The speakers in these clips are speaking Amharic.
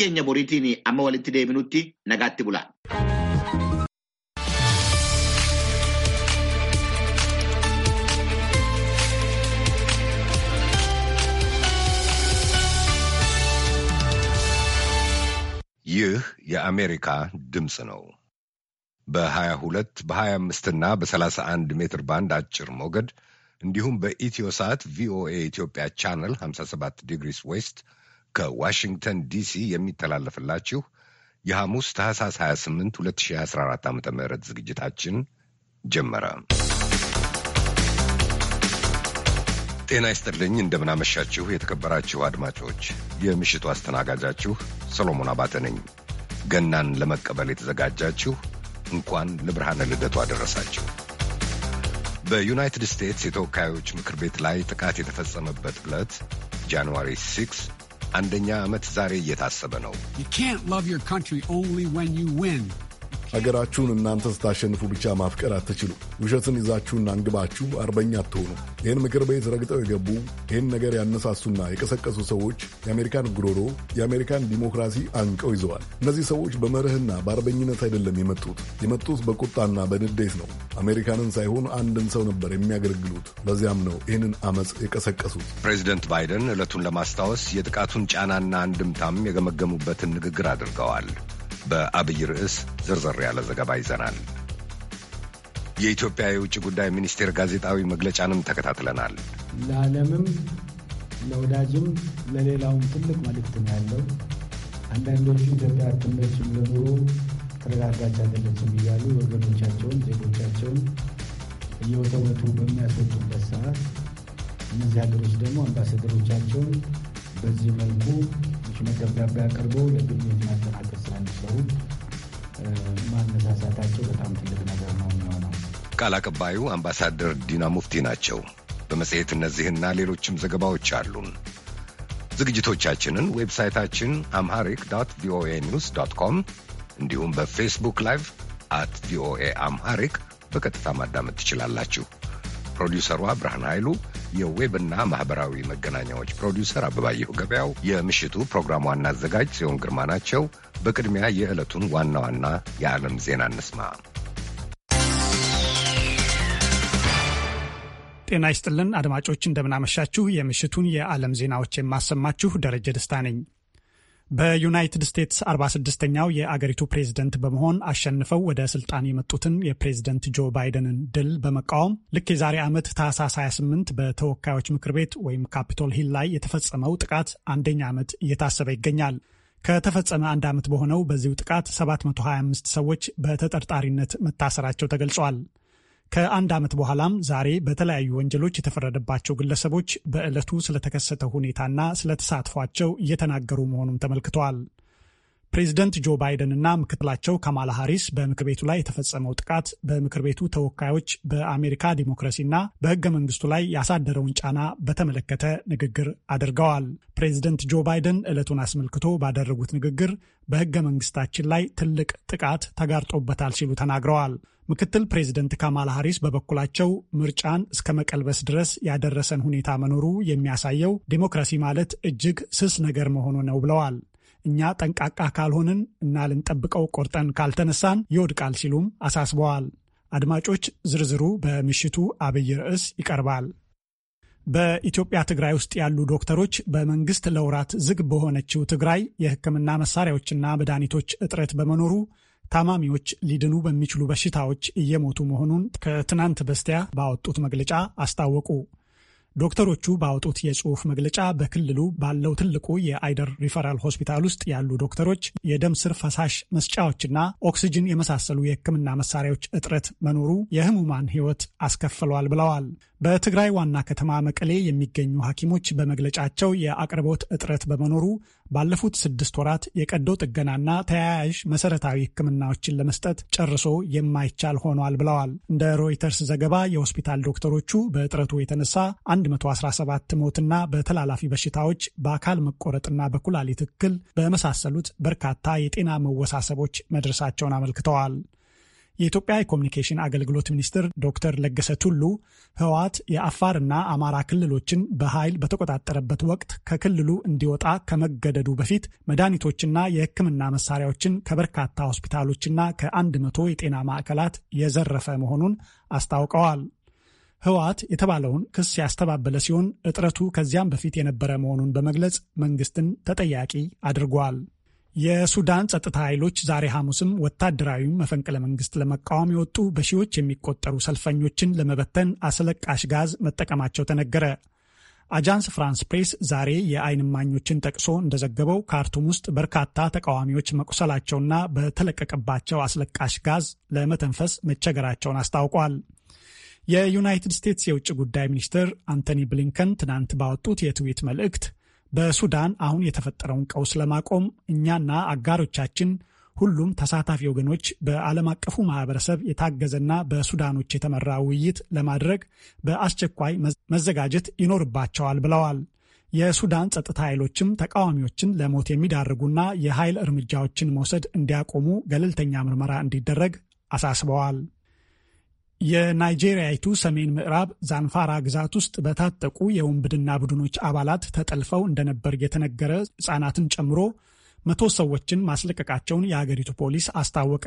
keenya boriitiin amma walitti deebinutti nagaatti bula. ይህ የአሜሪካ ድምፅ ነው። በ22 በ25ና በ31 ሜትር ባንድ አጭር ሞገድ እንዲሁም ሰዓት ቪኦኤ ኢትዮጵያ ቻናል 57 ዲግሪስ ዌስት ከዋሽንግተን ዲሲ የሚተላለፍላችሁ የሐሙስ ታህሳስ 28 2014 ዓ ም ዝግጅታችን ጀመረ። ጤና ይስጥልኝ፣ እንደምናመሻችሁ የተከበራችሁ አድማጮች። የምሽቱ አስተናጋጃችሁ ሰሎሞን አባተ ነኝ። ገናን ለመቀበል የተዘጋጃችሁ እንኳን ለብርሃነ ልደቱ አደረሳችሁ። በዩናይትድ ስቴትስ የተወካዮች ምክር ቤት ላይ ጥቃት የተፈጸመበት ዕለት ጃንዋሪ 6 You can't love your country only when you win. ሀገራችሁን እናንተ ስታሸንፉ ብቻ ማፍቀር አትችሉ። ውሸትን ይዛችሁና አንግባችሁ አርበኛ አትሆኑ። ይህን ምክር ቤት ረግጠው የገቡ ይህን ነገር ያነሳሱና የቀሰቀሱ ሰዎች የአሜሪካን ጉሮሮ፣ የአሜሪካን ዲሞክራሲ አንቀው ይዘዋል። እነዚህ ሰዎች በመርህና በአርበኝነት አይደለም የመጡት። የመጡት በቁጣና በንዴት ነው። አሜሪካንን ሳይሆን አንድን ሰው ነበር የሚያገለግሉት። በዚያም ነው ይህንን አመፅ የቀሰቀሱት። ፕሬዚደንት ባይደን ዕለቱን ለማስታወስ የጥቃቱን ጫናና አንድምታም የገመገሙበትን ንግግር አድርገዋል። በአብይ ርዕስ ዝርዝር ያለ ዘገባ ይዘናል። የኢትዮጵያ የውጭ ጉዳይ ሚኒስቴር ጋዜጣዊ መግለጫንም ተከታትለናል። ለዓለምም ለወዳጅም ለሌላውም ትልቅ መልእክት ነው ያለው። አንዳንዶቹ ኢትዮጵያ አትመችም ለኑሮ ተረጋጋች አይደለችም እያሉ ወገኖቻቸውን፣ ዜጎቻቸውን እየወተወቱ በሚያስወጡበት ሰዓት እነዚህ ሀገሮች ደግሞ አምባሳደሮቻቸውን በዚህ መልኩ ሽመት ደብዳቤ አቅርበው ለግንኙነት ማጠናቀ እንዲሰሩት ማነሳሳታቸው በጣም ትልቅ ነገር ነው የሚሆነው። ቃል አቀባዩ አምባሳደር ዲና ሙፍቲ ናቸው። በመጽሔት እነዚህና ሌሎችም ዘገባዎች አሉን። ዝግጅቶቻችንን ዌብሳይታችን አምሃሪክ ዶት ቪኦኤ ኒውስ ዶት ኮም እንዲሁም በፌስቡክ ላይቭ አት ቪኦኤ አምሃሪክ በቀጥታ ማዳመጥ ትችላላችሁ። ፕሮዲውሰሯ ብርሃን ኃይሉ የዌብና ማኅበራዊ መገናኛዎች ፕሮዲውሰር አበባየሁ ገበያው፣ የምሽቱ ፕሮግራም ዋና አዘጋጅ ጽዮን ግርማ ናቸው። በቅድሚያ የዕለቱን ዋና ዋና የዓለም ዜና እንስማ። ጤና ይስጥልን አድማጮች፣ እንደምናመሻችሁ። የምሽቱን የዓለም ዜናዎች የማሰማችሁ ደረጀ ደስታ ነኝ። በዩናይትድ ስቴትስ 46ኛው የአገሪቱ ፕሬዝደንት በመሆን አሸንፈው ወደ ስልጣን የመጡትን የፕሬዝደንት ጆ ባይደንን ድል በመቃወም ልክ የዛሬ ዓመት ታህሳስ 28 በተወካዮች ምክር ቤት ወይም ካፒቶል ሂል ላይ የተፈጸመው ጥቃት አንደኛ ዓመት እየታሰበ ይገኛል። ከተፈጸመ አንድ ዓመት በሆነው በዚሁ ጥቃት 725 ሰዎች በተጠርጣሪነት መታሰራቸው ተገልጿል። ከአንድ ዓመት በኋላም ዛሬ በተለያዩ ወንጀሎች የተፈረደባቸው ግለሰቦች በዕለቱ ስለተከሰተ ሁኔታና ስለተሳትፏቸው እየተናገሩ መሆኑን ተመልክተዋል። ፕሬዚደንት ጆ ባይደን እና ምክትላቸው ካማላ ሃሪስ በምክር ቤቱ ላይ የተፈጸመው ጥቃት በምክር ቤቱ ተወካዮች በአሜሪካ ዲሞክራሲና በሕገ መንግስቱ ላይ ያሳደረውን ጫና በተመለከተ ንግግር አድርገዋል። ፕሬዚደንት ጆ ባይደን ዕለቱን አስመልክቶ ባደረጉት ንግግር በሕገ መንግስታችን ላይ ትልቅ ጥቃት ተጋርጦበታል ሲሉ ተናግረዋል። ምክትል ፕሬዚደንት ካማላ ሀሪስ በበኩላቸው ምርጫን እስከ መቀልበስ ድረስ ያደረሰን ሁኔታ መኖሩ የሚያሳየው ዴሞክራሲ ማለት እጅግ ስስ ነገር መሆኑ ነው ብለዋል። እኛ ጠንቃቃ ካልሆንን እና ልንጠብቀው ቆርጠን ካልተነሳን ይወድቃል ሲሉም አሳስበዋል። አድማጮች፣ ዝርዝሩ በምሽቱ አብይ ርዕስ ይቀርባል። በኢትዮጵያ ትግራይ ውስጥ ያሉ ዶክተሮች በመንግስት ለውራት ዝግ በሆነችው ትግራይ የሕክምና መሳሪያዎችና መድኃኒቶች እጥረት በመኖሩ ታማሚዎች ሊድኑ በሚችሉ በሽታዎች እየሞቱ መሆኑን ከትናንት በስቲያ ባወጡት መግለጫ አስታወቁ። ዶክተሮቹ ባወጡት የጽሑፍ መግለጫ በክልሉ ባለው ትልቁ የአይደር ሪፈራል ሆስፒታል ውስጥ ያሉ ዶክተሮች የደም ስር ፈሳሽ መስጫዎችና ኦክስጅን የመሳሰሉ የሕክምና መሳሪያዎች እጥረት መኖሩ የህሙማን ሕይወት አስከፍሏል ብለዋል። በትግራይ ዋና ከተማ መቀሌ የሚገኙ ሐኪሞች በመግለጫቸው የአቅርቦት እጥረት በመኖሩ ባለፉት ስድስት ወራት የቀዶ ጥገናና ተያያዥ መሰረታዊ ሕክምናዎችን ለመስጠት ጨርሶ የማይቻል ሆኗል ብለዋል። እንደ ሮይተርስ ዘገባ የሆስፒታል ዶክተሮቹ በእጥረቱ የተነሳ 117 ሞትና በተላላፊ በሽታዎች፣ በአካል መቆረጥና በኩላሊት እክል በመሳሰሉት በርካታ የጤና መወሳሰቦች መድረሳቸውን አመልክተዋል። የኢትዮጵያ የኮሚኒኬሽን አገልግሎት ሚኒስትር ዶክተር ለገሰ ቱሉ ህወሓት የአፋርና አማራ ክልሎችን በኃይል በተቆጣጠረበት ወቅት ከክልሉ እንዲወጣ ከመገደዱ በፊት መድኃኒቶችና የሕክምና መሳሪያዎችን ከበርካታ ሆስፒታሎችና ከአንድ መቶ የጤና ማዕከላት የዘረፈ መሆኑን አስታውቀዋል። ህወሓት የተባለውን ክስ ያስተባበለ ሲሆን እጥረቱ ከዚያም በፊት የነበረ መሆኑን በመግለጽ መንግስትን ተጠያቂ አድርጓል። የሱዳን ጸጥታ ኃይሎች ዛሬ ሐሙስም ወታደራዊ መፈንቅለ መንግስት ለመቃወም የወጡ በሺዎች የሚቆጠሩ ሰልፈኞችን ለመበተን አስለቃሽ ጋዝ መጠቀማቸው ተነገረ። አጃንስ ፍራንስ ፕሬስ ዛሬ የአይን ማኞችን ጠቅሶ እንደዘገበው ካርቱም ውስጥ በርካታ ተቃዋሚዎች መቁሰላቸውና በተለቀቀባቸው አስለቃሽ ጋዝ ለመተንፈስ መቸገራቸውን አስታውቋል። የዩናይትድ ስቴትስ የውጭ ጉዳይ ሚኒስትር አንቶኒ ብሊንከን ትናንት ባወጡት የትዊት መልእክት በሱዳን አሁን የተፈጠረውን ቀውስ ለማቆም እኛና አጋሮቻችን ሁሉም ተሳታፊ ወገኖች በዓለም አቀፉ ማህበረሰብ የታገዘና በሱዳኖች የተመራ ውይይት ለማድረግ በአስቸኳይ መዘጋጀት ይኖርባቸዋል ብለዋል። የሱዳን ጸጥታ ኃይሎችም ተቃዋሚዎችን ለሞት የሚዳርጉና የኃይል እርምጃዎችን መውሰድ እንዲያቆሙ ገለልተኛ ምርመራ እንዲደረግ አሳስበዋል። የናይጄሪያዊቱ ሰሜን ምዕራብ ዛንፋራ ግዛት ውስጥ በታጠቁ የውንብድና ቡድኖች አባላት ተጠልፈው እንደነበር የተነገረ ሕፃናትን ጨምሮ መቶ ሰዎችን ማስለቀቃቸውን የአገሪቱ ፖሊስ አስታወቀ።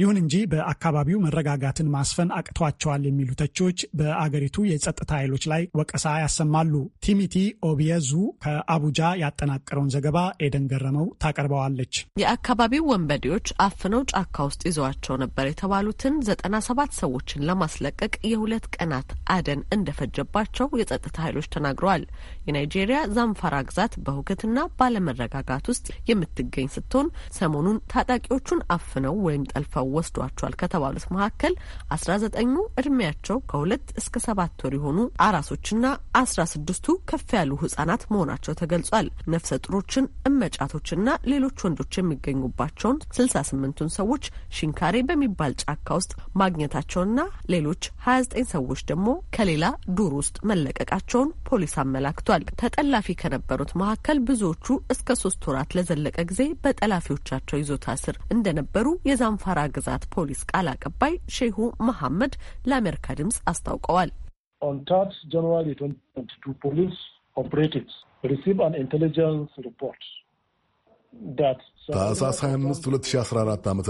ይሁን እንጂ በአካባቢው መረጋጋትን ማስፈን አቅቷቸዋል የሚሉ ተቾች በአገሪቱ የጸጥታ ኃይሎች ላይ ወቀሳ ያሰማሉ። ቲሚቲ ኦቢየዙ ከአቡጃ ያጠናቀረውን ዘገባ ኤደን ገረመው ታቀርበዋለች። የአካባቢው ወንበዴዎች አፍነው ጫካ ውስጥ ይዘዋቸው ነበር የተባሉትን ዘጠና ሰባት ሰዎችን ለማስለቀቅ የሁለት ቀናት አደን እንደፈጀባቸው የጸጥታ ኃይሎች ተናግረዋል። የናይጄሪያ ዛምፋራ ግዛት በሁከትና ባለመረጋጋት ውስጥ የምትገኝ ስትሆን ሰሞኑን ታጣቂዎቹን አፍነው ወይም ጠል አልፈው ወስዷቸዋል ከተባሉት መካከል አስራ ዘጠኙ እድሜያቸው ከሁለት እስከ ሰባት ወር የሆኑ አራሶችና አስራ ስድስቱ ከፍ ያሉ ህጻናት መሆናቸው ተገልጿል። ነፍሰ ጡሮችን፣ እመጫቶችና ሌሎች ወንዶች የሚገኙባቸውን ስልሳ ስምንቱን ሰዎች ሽንካሬ በሚባል ጫካ ውስጥ ማግኘታቸውና ሌሎች ሀያ ዘጠኝ ሰዎች ደግሞ ከሌላ ዱር ውስጥ መለቀቃቸውን ፖሊስ አመላክቷል። ተጠላፊ ከነበሩት መካከል ብዙዎቹ እስከ ሶስት ወራት ለዘለቀ ጊዜ በጠላፊዎቻቸው ይዞታ ስር እንደነበሩ የዛንፋ የአማራ ግዛት ፖሊስ ቃል አቀባይ ሼሁ መሐመድ ለአሜሪካ ድምፅ አስታውቀዋል። ኦን ተርድ ጃንዋሪ ታህሳስ 25 2014 ዓ ም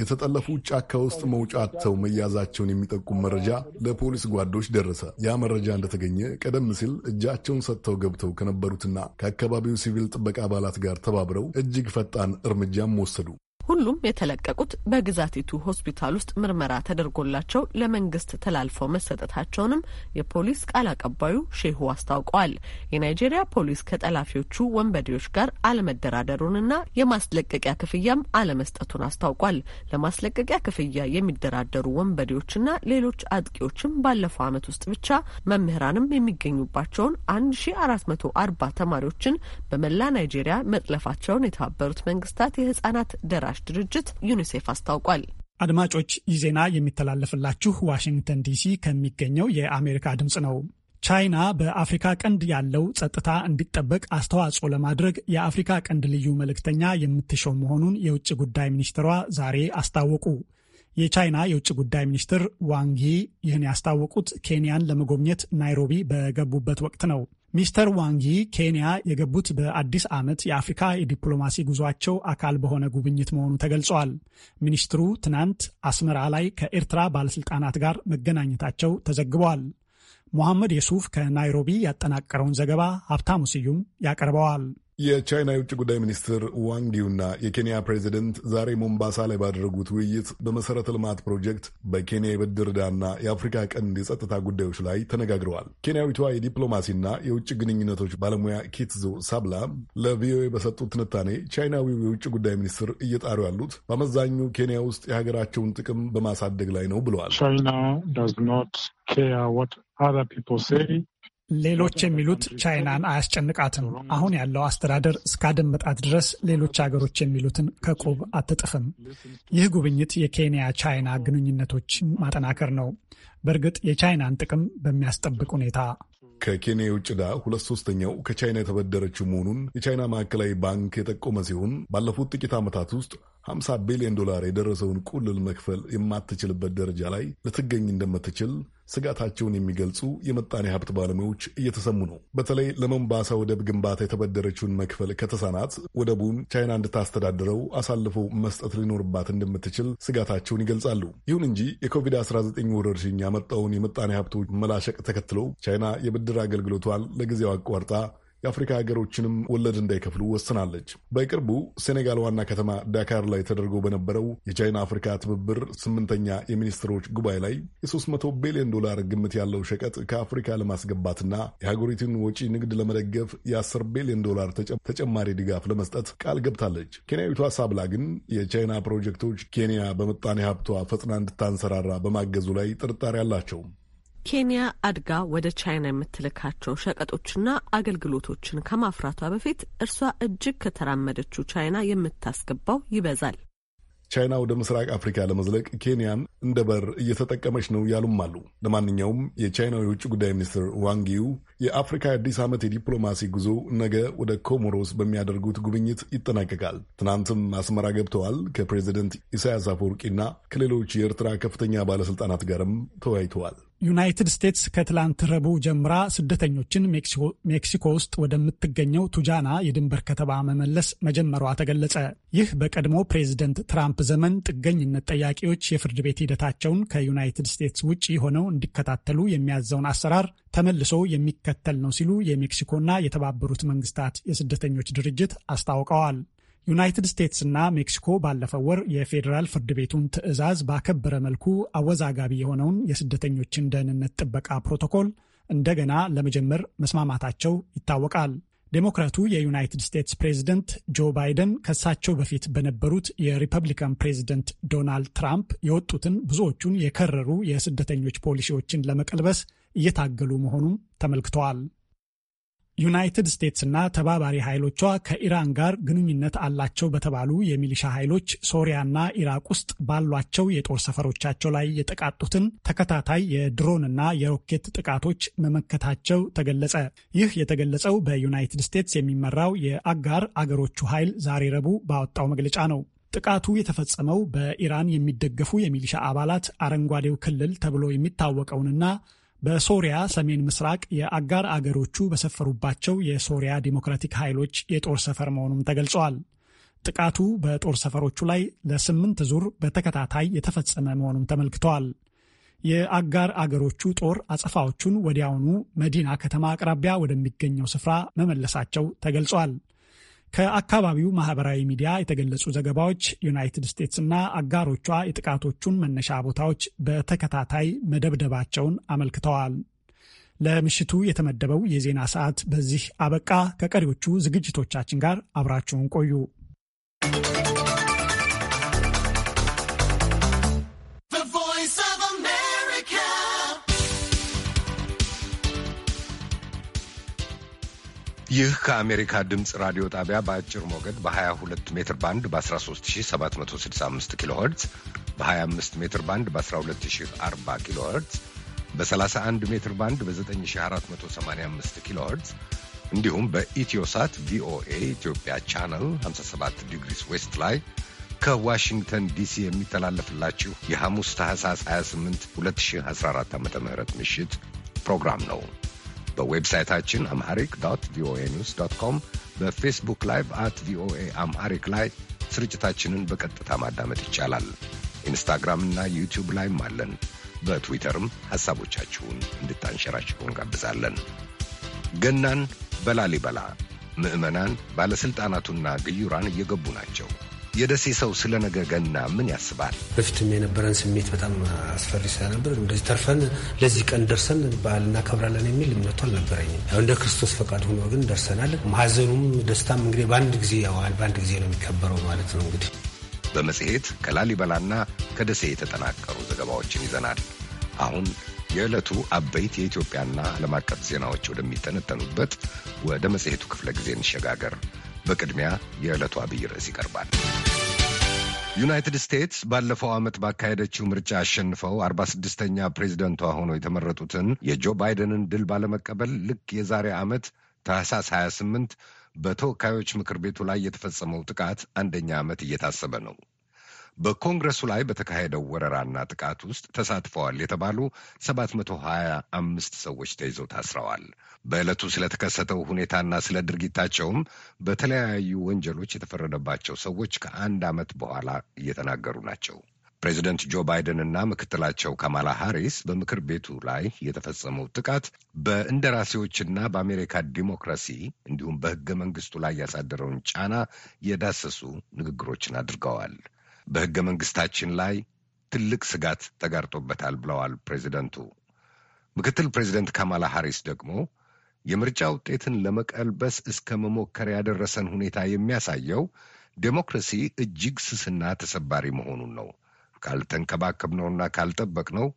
የተጠለፉ ጫካ ውስጥ መውጫ አጥተው መያዛቸውን የሚጠቁም መረጃ ለፖሊስ ጓዶች ደረሰ። ያ መረጃ እንደተገኘ ቀደም ሲል እጃቸውን ሰጥተው ገብተው ከነበሩትና ከአካባቢው ሲቪል ጥበቃ አባላት ጋር ተባብረው እጅግ ፈጣን እርምጃም ወሰዱ። ሁሉም የተለቀቁት በግዛቲቱ ሆስፒታል ውስጥ ምርመራ ተደርጎላቸው ለመንግስት ተላልፈው መሰጠታቸውንም የፖሊስ ቃል አቀባዩ ሼሁ አስታውቀዋል። የናይጄሪያ ፖሊስ ከጠላፊዎቹ ወንበዴዎች ጋር አለመደራደሩንና የማስለቀቂያ ክፍያም አለመስጠቱን አስታውቋል። ለማስለቀቂያ ክፍያ የሚደራደሩ ወንበዴዎችና ሌሎች አጥቂዎችም ባለፈው ዓመት ውስጥ ብቻ መምህራንም የሚገኙባቸውን አንድ ሺ አራት መቶ አርባ ተማሪዎችን በመላ ናይጄሪያ መጥለፋቸውን የተባበሩት መንግስታት የህጻናት ደራ ደራሽ ድርጅት ዩኒሴፍ አስታውቋል። አድማጮች ይህ ዜና የሚተላለፍላችሁ ዋሽንግተን ዲሲ ከሚገኘው የአሜሪካ ድምፅ ነው። ቻይና በአፍሪካ ቀንድ ያለው ጸጥታ እንዲጠበቅ አስተዋጽኦ ለማድረግ የአፍሪካ ቀንድ ልዩ መልእክተኛ የምትሾው መሆኑን የውጭ ጉዳይ ሚኒስትሯ ዛሬ አስታወቁ። የቻይና የውጭ ጉዳይ ሚኒስትር ዋንጊ ይህን ያስታወቁት ኬንያን ለመጎብኘት ናይሮቢ በገቡበት ወቅት ነው። ሚስተር ዋንጊ ኬንያ የገቡት በአዲስ ዓመት የአፍሪካ የዲፕሎማሲ ጉዟቸው አካል በሆነ ጉብኝት መሆኑ ተገልጿል። ሚኒስትሩ ትናንት አስመራ ላይ ከኤርትራ ባለሥልጣናት ጋር መገናኘታቸው ተዘግቧል። ሞሐመድ የሱፍ ከናይሮቢ ያጠናቀረውን ዘገባ ሀብታሙ ስዩም ያቀርበዋል። የቻይና የውጭ ጉዳይ ሚኒስትር ዋንጊውና የኬንያ ፕሬዚደንት ዛሬ ሞምባሳ ላይ ባደረጉት ውይይት በመሠረተ ልማት ፕሮጀክት በኬንያ የብድር ዕዳና የአፍሪካ ቀንድ የጸጥታ ጉዳዮች ላይ ተነጋግረዋል። ኬንያዊቷ የዲፕሎማሲና የውጭ ግንኙነቶች ባለሙያ ኪትዞ ሳብላ ለቪኦኤ በሰጡት ትንታኔ ቻይናዊው የውጭ ጉዳይ ሚኒስትር እየጣሩ ያሉት በአመዛኙ ኬንያ ውስጥ የሀገራቸውን ጥቅም በማሳደግ ላይ ነው ብለዋል። ቻይና ኖት ኬር ዋት አዘር ፒፕል ሴይ ሌሎች የሚሉት ቻይናን አያስጨንቃትም። አሁን ያለው አስተዳደር እስካደመጣት ድረስ ሌሎች ሀገሮች የሚሉትን ከቁብ አትጥፍም። ይህ ጉብኝት የኬንያ ቻይና ግንኙነቶችን ማጠናከር ነው። በእርግጥ የቻይናን ጥቅም በሚያስጠብቅ ሁኔታ ከኬንያ የውጭ ዕዳ ሁለት ሶስተኛው ከቻይና የተበደረችው መሆኑን የቻይና ማዕከላዊ ባንክ የጠቆመ ሲሆን ባለፉት ጥቂት ዓመታት ውስጥ 50 ቢሊዮን ዶላር የደረሰውን ቁልል መክፈል የማትችልበት ደረጃ ላይ ልትገኝ እንደምትችል ስጋታቸውን የሚገልጹ የመጣኔ ሀብት ባለሙያዎች እየተሰሙ ነው። በተለይ ለመንባሳ ወደብ ግንባታ የተበደረችውን መክፈል ከተሳናት ወደቡን ቻይና እንድታስተዳድረው አሳልፎ መስጠት ሊኖርባት እንደምትችል ስጋታቸውን ይገልጻሉ። ይሁን እንጂ የኮቪድ-19 ወረርሽኝ ያመጣውን የመጣኔ ሀብቶች መላሸቅ ተከትለው ቻይና የብድር አገልግሎቷን ለጊዜው አቋርጣ የአፍሪካ ሀገሮችንም ወለድ እንዳይከፍሉ ወስናለች። በቅርቡ ሴኔጋል ዋና ከተማ ዳካር ላይ ተደርጎ በነበረው የቻይና አፍሪካ ትብብር ስምንተኛ የሚኒስትሮች ጉባኤ ላይ የ300 ቢሊዮን ዶላር ግምት ያለው ሸቀጥ ከአፍሪካ ለማስገባትና የሀገሪቱን ወጪ ንግድ ለመደገፍ የ10 ቢሊዮን ዶላር ተጨማሪ ድጋፍ ለመስጠት ቃል ገብታለች። ኬንያዊቷ ሳብላ ግን የቻይና ፕሮጀክቶች ኬንያ በምጣኔ ሀብቷ ፈጥና እንድታንሰራራ በማገዙ ላይ ጥርጣሬ አላቸው። ኬንያ አድጋ ወደ ቻይና የምትልካቸው ሸቀጦችና አገልግሎቶችን ከማፍራቷ በፊት እርሷ እጅግ ከተራመደችው ቻይና የምታስገባው ይበዛል። ቻይና ወደ ምስራቅ አፍሪካ ለመዝለቅ ኬንያን እንደ በር እየተጠቀመች ነው ያሉም አሉ። ለማንኛውም የቻይናው የውጭ ጉዳይ ሚኒስትር ዋንጊው የአፍሪካ አዲስ ዓመት የዲፕሎማሲ ጉዞ ነገ ወደ ኮሞሮስ በሚያደርጉት ጉብኝት ይጠናቀቃል። ትናንትም አስመራ ገብተዋል። ከፕሬዚደንት ኢሳያስ አፈወርቂና ከሌሎች የኤርትራ ከፍተኛ ባለሥልጣናት ጋርም ተወያይተዋል። ዩናይትድ ስቴትስ ከትላንት ረቡዕ ጀምራ ስደተኞችን ሜክሲኮ ውስጥ ወደምትገኘው ቱጃና የድንበር ከተማ መመለስ መጀመሯ ተገለጸ። ይህ በቀድሞ ፕሬዚደንት ትራምፕ ዘመን ጥገኝነት ጠያቂዎች የፍርድ ቤት ሂደታቸውን ከዩናይትድ ስቴትስ ውጭ ሆነው እንዲከታተሉ የሚያዘውን አሰራር ተመልሶ የሚከተል ነው ሲሉ የሜክሲኮና የተባበሩት መንግስታት የስደተኞች ድርጅት አስታውቀዋል። ዩናይትድ እና ሜክሲኮ ባለፈው ወር የፌዴራል ፍርድ ቤቱን ትዕዛዝ ባከበረ መልኩ አወዛጋቢ የሆነውን የስደተኞችን ደህንነት ጥበቃ ፕሮቶኮል እንደገና ለመጀመር መስማማታቸው ይታወቃል። ዴሞክራቱ የዩናይትድ ስቴትስ ፕሬዝደንት ጆ ባይደን ከሳቸው በፊት በነበሩት የሪፐብሊካን ፕሬዝደንት ዶናልድ ትራምፕ የወጡትን ብዙዎቹን የከረሩ የስደተኞች ፖሊሲዎችን ለመቀልበስ እየታገሉ መሆኑም ተመልክተዋል። ዩናይትድ ስቴትስና ተባባሪ ኃይሎቿ ከኢራን ጋር ግንኙነት አላቸው በተባሉ የሚሊሻ ኃይሎች ሶሪያና ኢራቅ ውስጥ ባሏቸው የጦር ሰፈሮቻቸው ላይ የተቃጡትን ተከታታይ የድሮንና የሮኬት ጥቃቶች መመከታቸው ተገለጸ። ይህ የተገለጸው በዩናይትድ ስቴትስ የሚመራው የአጋር አገሮቹ ኃይል ዛሬ ረቡዕ ባወጣው መግለጫ ነው። ጥቃቱ የተፈጸመው በኢራን የሚደገፉ የሚሊሻ አባላት አረንጓዴው ክልል ተብሎ የሚታወቀውንና በሶሪያ ሰሜን ምስራቅ የአጋር አገሮቹ በሰፈሩባቸው የሶሪያ ዲሞክራቲክ ኃይሎች የጦር ሰፈር መሆኑም ተገልጿል። ጥቃቱ በጦር ሰፈሮቹ ላይ ለስምንት ዙር በተከታታይ የተፈጸመ መሆኑም ተመልክተዋል። የአጋር አገሮቹ ጦር አጸፋዎቹን ወዲያውኑ መዲና ከተማ አቅራቢያ ወደሚገኘው ስፍራ መመለሳቸው ተገልጿል። ከአካባቢው ማህበራዊ ሚዲያ የተገለጹ ዘገባዎች ዩናይትድ ስቴትስና አጋሮቿ የጥቃቶቹን መነሻ ቦታዎች በተከታታይ መደብደባቸውን አመልክተዋል። ለምሽቱ የተመደበው የዜና ሰዓት በዚህ አበቃ። ከቀሪዎቹ ዝግጅቶቻችን ጋር አብራችሁን ቆዩ። ይህ ከአሜሪካ ድምፅ ራዲዮ ጣቢያ በአጭር ሞገድ በ22 ሜትር ባንድ በ13765 ኪሎ ኸርትዝ በ25 ሜትር ባንድ በ1240 ኪሎ ኸርትዝ በ31 ሜትር ባንድ በ9485 ኪሎ ኸርትዝ እንዲሁም በኢትዮሳት ቪኦኤ ኢትዮጵያ ቻናል 57 ዲግሪስ ዌስት ላይ ከዋሽንግተን ዲሲ የሚተላለፍላችሁ የሐሙስ ታህሳስ 28 2014 ዓ ም ምሽት ፕሮግራም ነው። በዌብሳይታችን አምሐሪክ ዶት ቪኦኤ ኒውስ ዶት ኮም፣ በፌስቡክ ላይቭ አት ቪኦኤ አምሐሪክ ላይ ስርጭታችንን በቀጥታ ማዳመጥ ይቻላል። ኢንስታግራም እና ዩቲዩብ ላይም አለን። በትዊተርም ሐሳቦቻችሁን እንድታንሸራችሁ እንጋብዛለን። ገናን በላሊበላ ምዕመናን ባለሥልጣናቱና ግዩራን እየገቡ ናቸው። የደሴ ሰው ስለ ነገ ገና ምን ያስባል? በፊትም የነበረን ስሜት በጣም አስፈሪ ስለነበር እንደዚህ ተርፈን ለዚህ ቀን ደርሰን በዓል እናከብራለን የሚል እምነቱ አልነበረኝም። እንደ ክርስቶስ ፈቃድ ሆኖ ግን ደርሰናል። ማዘኑም ደስታም እንግዲህ በአንድ ጊዜ ያዋል በአንድ ጊዜ ነው የሚከበረው ማለት ነው። እንግዲህ በመጽሔት ከላሊበላና ከደሴ የተጠናቀሩ ዘገባዎችን ይዘናል። አሁን የዕለቱ አበይት የኢትዮጵያና ዓለም አቀፍ ዜናዎች ወደሚተነተኑበት ወደ መጽሔቱ ክፍለ ጊዜ እንሸጋገር። በቅድሚያ የዕለቱ አብይ ርዕስ ይቀርባል። ዩናይትድ ስቴትስ ባለፈው ዓመት ባካሄደችው ምርጫ አሸንፈው አርባ ስድስተኛ ፕሬዚደንቷ ሆነው የተመረጡትን የጆ ባይደንን ድል ባለመቀበል ልክ የዛሬ ዓመት ታህሳስ 28 በተወካዮች ምክር ቤቱ ላይ የተፈጸመው ጥቃት አንደኛ ዓመት እየታሰበ ነው። በኮንግረሱ ላይ በተካሄደው ወረራና ጥቃት ውስጥ ተሳትፈዋል የተባሉ 725 ሰዎች ተይዘው ታስረዋል። በዕለቱ ስለተከሰተው ሁኔታና ስለ ድርጊታቸውም በተለያዩ ወንጀሎች የተፈረደባቸው ሰዎች ከአንድ ዓመት በኋላ እየተናገሩ ናቸው። ፕሬዚደንት ጆ ባይደን እና ምክትላቸው ካማላ ሃሪስ በምክር ቤቱ ላይ የተፈጸመው ጥቃት በእንደራሴዎችና በአሜሪካ ዲሞክራሲ እንዲሁም በሕገ መንግስቱ ላይ ያሳደረውን ጫና የዳሰሱ ንግግሮችን አድርገዋል። በሕገ መንግሥታችን ላይ ትልቅ ስጋት ተጋርጦበታል ብለዋል ፕሬዚደንቱ። ምክትል ፕሬዚደንት ካማላ ሃሪስ ደግሞ የምርጫ ውጤትን ለመቀልበስ እስከ መሞከር ያደረሰን ሁኔታ የሚያሳየው ዴሞክራሲ እጅግ ስስና ተሰባሪ መሆኑን ነው። ካልተንከባከብነውና ካልጠበቅነው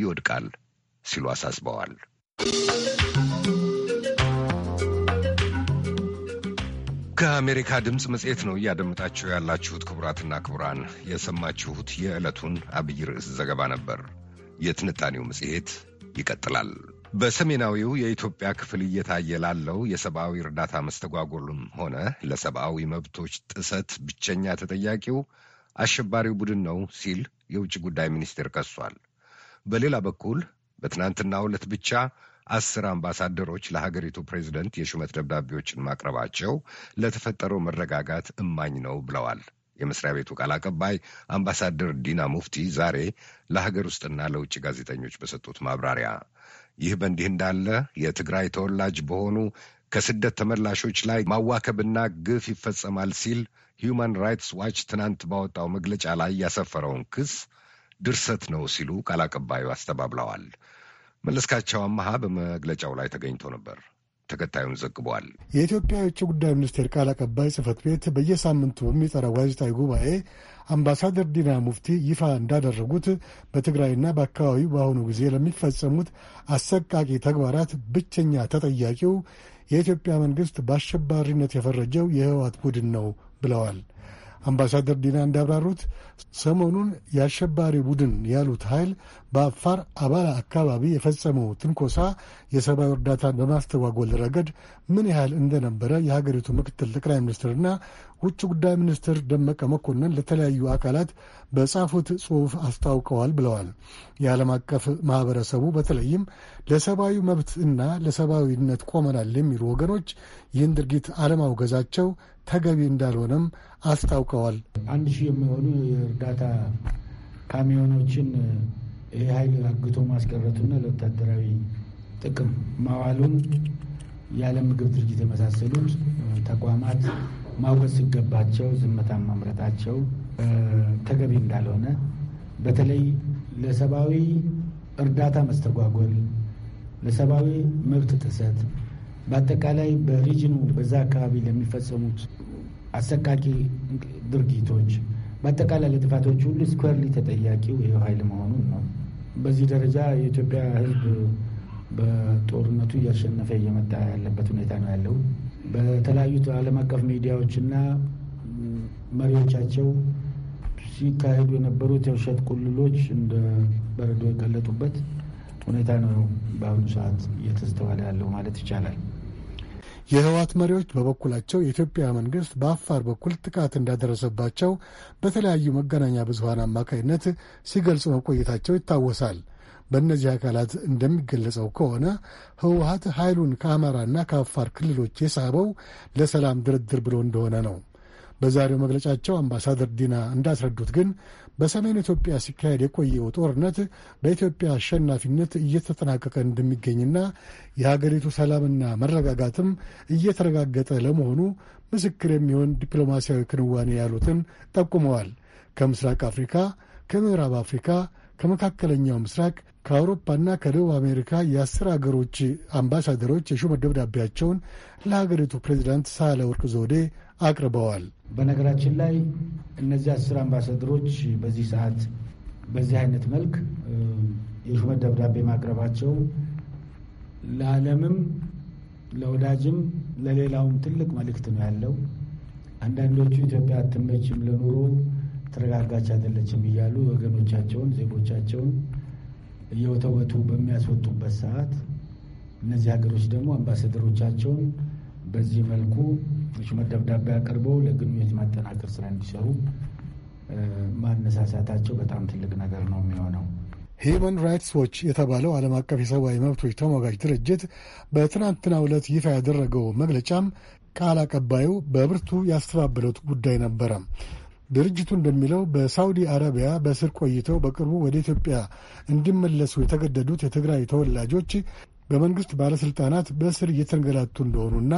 ይወድቃል ሲሉ አሳስበዋል። ከአሜሪካ ድምፅ መጽሔት ነው እያደምጣችሁ ያላችሁት። ክቡራትና ክቡራን የሰማችሁት የዕለቱን አብይ ርዕስ ዘገባ ነበር። የትንታኔው መጽሔት ይቀጥላል። በሰሜናዊው የኢትዮጵያ ክፍል እየታየ ላለው የሰብአዊ እርዳታ መስተጓጎሉም ሆነ ለሰብአዊ መብቶች ጥሰት ብቸኛ ተጠያቂው አሸባሪው ቡድን ነው ሲል የውጭ ጉዳይ ሚኒስቴር ከሷል። በሌላ በኩል በትናንትናው ዕለት ብቻ አስር አምባሳደሮች ለሀገሪቱ ፕሬዚደንት የሹመት ደብዳቤዎችን ማቅረባቸው ለተፈጠረው መረጋጋት እማኝ ነው ብለዋል። የመስሪያ ቤቱ ቃል አቀባይ አምባሳደር ዲና ሙፍቲ ዛሬ ለሀገር ውስጥና ለውጭ ጋዜጠኞች በሰጡት ማብራሪያ ይህ በእንዲህ እንዳለ የትግራይ ተወላጅ በሆኑ ከስደት ተመላሾች ላይ ማዋከብና ግፍ ይፈጸማል ሲል ሂዩማን ራይትስ ዋች ትናንት ባወጣው መግለጫ ላይ ያሰፈረውን ክስ ድርሰት ነው ሲሉ ቃል አቀባዩ አስተባብለዋል። መለስካቸው አመሃ በመግለጫው ላይ ተገኝቶ ነበር። ተከታዩን ዘግቧል። የኢትዮጵያ የውጭ ጉዳይ ሚኒስቴር ቃል አቀባይ ጽህፈት ቤት በየሳምንቱ በሚጠራው ጋዜጣዊ ጉባኤ አምባሳደር ዲና ሙፍቲ ይፋ እንዳደረጉት በትግራይና በአካባቢው በአሁኑ ጊዜ ለሚፈጸሙት አሰቃቂ ተግባራት ብቸኛ ተጠያቂው የኢትዮጵያ መንግስት በአሸባሪነት የፈረጀው የህወሓት ቡድን ነው ብለዋል። አምባሳደር ዲና እንዳብራሩት ሰሞኑን የአሸባሪ ቡድን ያሉት ኃይል በአፋር አባላ አካባቢ የፈጸመው ትንኮሳ የሰብአዊ እርዳታን በማስተጓጎል ረገድ ምን ያህል እንደነበረ የሀገሪቱ ምክትል ጠቅላይ ሚኒስትርና ውጭ ጉዳይ ሚኒስትር ደመቀ መኮንን ለተለያዩ አካላት በጻፉት ጽሑፍ አስታውቀዋል ብለዋል። የዓለም አቀፍ ማኅበረሰቡ በተለይም ለሰብአዊ መብት እና ለሰብአዊነት ቆመናል የሚሉ ወገኖች ይህን ድርጊት አለማውገዛቸው ተገቢ እንዳልሆነም አስታውቀዋል። አንድ ሺህ የሚሆኑ የእርዳታ ካሚዮኖችን ይህ ኃይል አግቶ ማስቀረቱና ለወታደራዊ ጥቅም ማዋሉን የዓለም ምግብ ድርጅት የመሳሰሉት ተቋማት ማውገዝ ሲገባቸው ዝምታ መምረጣቸው ተገቢ እንዳልሆነ በተለይ ለሰብአዊ እርዳታ መስተጓጎል፣ ለሰብአዊ መብት ጥሰት በአጠቃላይ በሪጅኑ በዛ አካባቢ ለሚፈጸሙት አሰቃቂ ድርጊቶች በአጠቃላይ ለጥፋቶች ሁሉ ስኩዌርሊ ተጠያቂው ይኸው ኃይል መሆኑን ነው። በዚህ ደረጃ የኢትዮጵያ ሕዝብ በጦርነቱ እያሸነፈ እየመጣ ያለበት ሁኔታ ነው ያለው። በተለያዩ ዓለም አቀፍ ሚዲያዎችና መሪዎቻቸው ሲካሄዱ የነበሩት የውሸት ቁልሎች እንደ በረዶ የቀለጡበት ሁኔታ ነው በአሁኑ ሰዓት እየተስተዋለ ያለው ማለት ይቻላል። የህወሓት መሪዎች በበኩላቸው የኢትዮጵያ መንግስት በአፋር በኩል ጥቃት እንዳደረሰባቸው በተለያዩ መገናኛ ብዙሀን አማካኝነት ሲገልጹ መቆየታቸው ይታወሳል። በእነዚህ አካላት እንደሚገለጸው ከሆነ ህወሀት ኃይሉን ከአማራና ከአፋር ክልሎች የሳበው ለሰላም ድርድር ብሎ እንደሆነ ነው። በዛሬው መግለጫቸው አምባሳደር ዲና እንዳስረዱት ግን በሰሜን ኢትዮጵያ ሲካሄድ የቆየው ጦርነት በኢትዮጵያ አሸናፊነት እየተጠናቀቀ እንደሚገኝና የሀገሪቱ ሰላምና መረጋጋትም እየተረጋገጠ ለመሆኑ ምስክር የሚሆን ዲፕሎማሲያዊ ክንዋኔ ያሉትን ጠቁመዋል። ከምስራቅ አፍሪካ፣ ከምዕራብ አፍሪካ ከመካከለኛው ምስራቅ ከአውሮፓና ከደቡብ አሜሪካ የአስር አገሮች አምባሳደሮች የሹመት ደብዳቤያቸውን ለሀገሪቱ ፕሬዚዳንት ሳህለ ወርቅ ዘውዴ አቅርበዋል። በነገራችን ላይ እነዚህ አስር አምባሳደሮች በዚህ ሰዓት በዚህ አይነት መልክ የሹመት ደብዳቤ ማቅረባቸው ለዓለምም ለወዳጅም ለሌላውም ትልቅ መልእክት ነው ያለው። አንዳንዶቹ ኢትዮጵያ አትመችም ለኑሮ ተረጋጋች አይደለችም እያሉ ወገኖቻቸውን፣ ዜጎቻቸውን እየወተወቱ በሚያስወጡበት ሰዓት እነዚህ ሀገሮች ደግሞ አምባሳደሮቻቸውን በዚህ መልኩ ሹመት ደብዳቤ አቅርበው ለግንኙነት ማጠናከር ስራ እንዲሰሩ ማነሳሳታቸው በጣም ትልቅ ነገር ነው የሚሆነው። ሂዩማን ራይትስ ዎች የተባለው ዓለም አቀፍ የሰብአዊ መብቶች ተሟጋጅ ድርጅት በትናንትና ዕለት ይፋ ያደረገው መግለጫም ቃል አቀባዩ በብርቱ ያስተባበሉት ጉዳይ ነበረ። ድርጅቱ እንደሚለው በሳውዲ አረቢያ በእስር ቆይተው በቅርቡ ወደ ኢትዮጵያ እንዲመለሱ የተገደዱት የትግራይ ተወላጆች በመንግስት ባለሥልጣናት በእስር እየተንገላቱ እንደሆኑና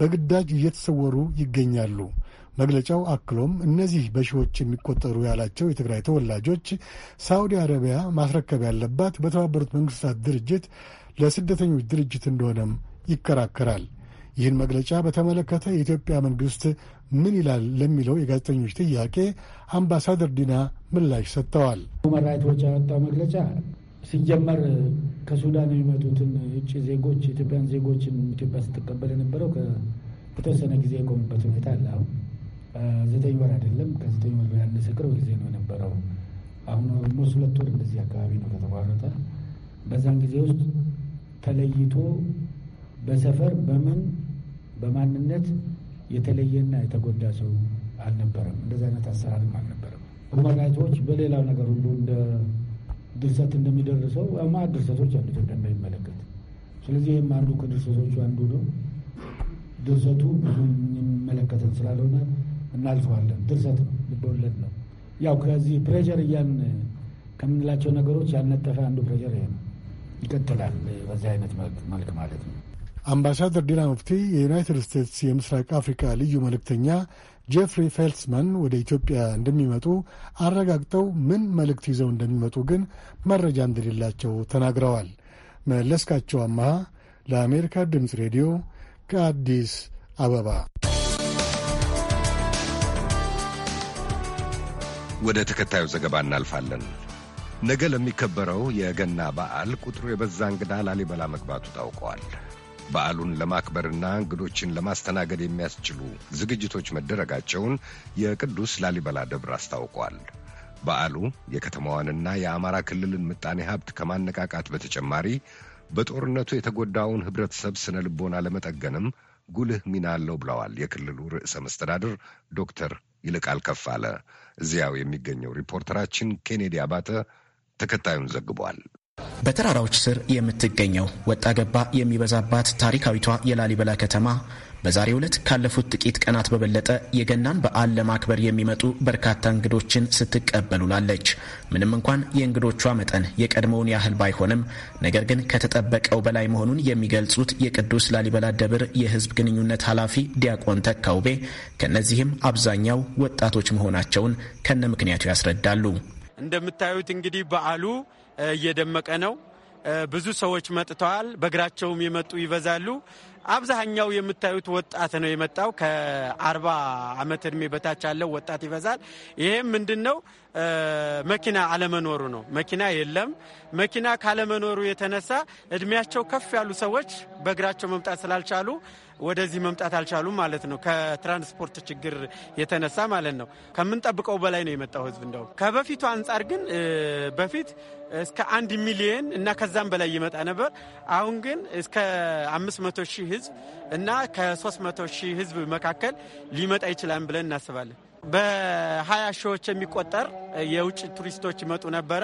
በግዳጅ እየተሰወሩ ይገኛሉ። መግለጫው አክሎም እነዚህ በሺዎች የሚቆጠሩ ያላቸው የትግራይ ተወላጆች ሳውዲ አረቢያ ማስረከብ ያለባት በተባበሩት መንግስታት ድርጅት ለስደተኞች ድርጅት እንደሆነም ይከራከራል። ይህን መግለጫ በተመለከተ የኢትዮጵያ መንግስት ምን ይላል ለሚለው የጋዜጠኞች ጥያቄ አምባሳደር ዲና ምላሽ ሰጥተዋል። ሁመን ራይት ዎች ያወጣው መግለጫ ሲጀመር ከሱዳን የሚመጡትን ውጭ ዜጎች ኢትዮጵያን ዜጎችን ኢትዮጵያ ስትቀበል የነበረው በተወሰነ ጊዜ የቆምበት ሁኔታ አለ። አሁን ዘጠኝ ወር አይደለም ከዘጠኝ ወር ያነሰ ቅርብ ጊዜ ነው የነበረው። አሁን ኦልሞስት ሁለት ወር እንደዚህ አካባቢ ነው ከተቋረጠ። በዛን ጊዜ ውስጥ ተለይቶ በሰፈር በምን በማንነት የተለየና የተጎዳ ሰው አልነበረም። እንደዚህ አይነት አሰራርም አልነበረም። ሁመራይቶች በሌላው ነገር ሁሉ እንደ ድርሰት እንደሚደርሰው ማ ድርሰቶች አሉ ኢትዮጵያ እንደሚመለከት። ስለዚህ ይህም አንዱ ከድርሰቶቹ አንዱ ነው። ድርሰቱ ብዙ የሚመለከተን ስላልሆነ እናልፈዋለን። ድርሰት ነው፣ ልብወለድ ነው። ያው ከዚህ ፕሬዠር እያን ከምንላቸው ነገሮች ያነጠፈ አንዱ ፕሬዠር ይሄ ነው። ይቀጥላል በዚህ አይነት መልክ ማለት ነው። አምባሳደር ዲና ሙፍቲ የዩናይትድ ስቴትስ የምስራቅ አፍሪካ ልዩ መልእክተኛ ጄፍሪ ፌልትስማን ወደ ኢትዮጵያ እንደሚመጡ አረጋግጠው ምን መልእክት ይዘው እንደሚመጡ ግን መረጃ እንደሌላቸው ተናግረዋል። መለስካቸው አመሃ ለአሜሪካ ድምፅ ሬዲዮ ከአዲስ አበባ። ወደ ተከታዩ ዘገባ እናልፋለን። ነገ ለሚከበረው የገና በዓል ቁጥሩ የበዛ እንግዳ ላሊበላ መግባቱ ታውቀዋል። በዓሉን ለማክበርና እንግዶችን ለማስተናገድ የሚያስችሉ ዝግጅቶች መደረጋቸውን የቅዱስ ላሊበላ ደብር አስታውቋል። በዓሉ የከተማዋንና የአማራ ክልልን ምጣኔ ሀብት ከማነቃቃት በተጨማሪ በጦርነቱ የተጎዳውን ህብረተሰብ ስነ ልቦና ለመጠገንም ጉልህ ሚና አለው ብለዋል የክልሉ ርዕሰ መስተዳድር ዶክተር ይልቃል ከፋለ። እዚያው የሚገኘው ሪፖርተራችን ኬኔዲ አባተ ተከታዩን ዘግቧል። በተራራዎች ስር የምትገኘው ወጣ ገባ የሚበዛባት ታሪካዊቷ የላሊበላ ከተማ በዛሬው ዕለት ካለፉት ጥቂት ቀናት በበለጠ የገናን በዓል ለማክበር የሚመጡ በርካታ እንግዶችን ስትቀበል ውላለች። ምንም እንኳን የእንግዶቿ መጠን የቀድሞውን ያህል ባይሆንም ነገር ግን ከተጠበቀው በላይ መሆኑን የሚገልጹት የቅዱስ ላሊበላ ደብር የሕዝብ ግንኙነት ኃላፊ ዲያቆን ተካውቤ ከእነዚህም አብዛኛው ወጣቶች መሆናቸውን ከነ ምክንያቱ ያስረዳሉ። እንደምታዩት እንግዲህ በዓሉ እየደመቀ ነው። ብዙ ሰዎች መጥተዋል። በእግራቸውም የመጡ ይበዛሉ። አብዛኛው የምታዩት ወጣት ነው የመጣው። ከአርባ ዓመት እድሜ በታች ያለው ወጣት ይበዛል። ይህም ምንድን ነው መኪና አለመኖሩ ነው። መኪና የለም። መኪና ካለመኖሩ የተነሳ እድሜያቸው ከፍ ያሉ ሰዎች በእግራቸው መምጣት ስላልቻሉ ወደዚህ መምጣት አልቻሉም ማለት ነው። ከትራንስፖርት ችግር የተነሳ ማለት ነው። ከምንጠብቀው በላይ ነው የመጣው ህዝብ። እንደውም ከበፊቱ አንጻር ግን በፊት እስከ አንድ ሚሊየን እና ከዛም በላይ ይመጣ ነበር። አሁን ግን እስከ አምስት መቶ ሺህ ህዝብ እና ከሶስት መቶ ሺህ ህዝብ መካከል ሊመጣ ይችላል ብለን እናስባለን። በሀያ ሺዎች የሚቆጠር የውጭ ቱሪስቶች ይመጡ ነበረ።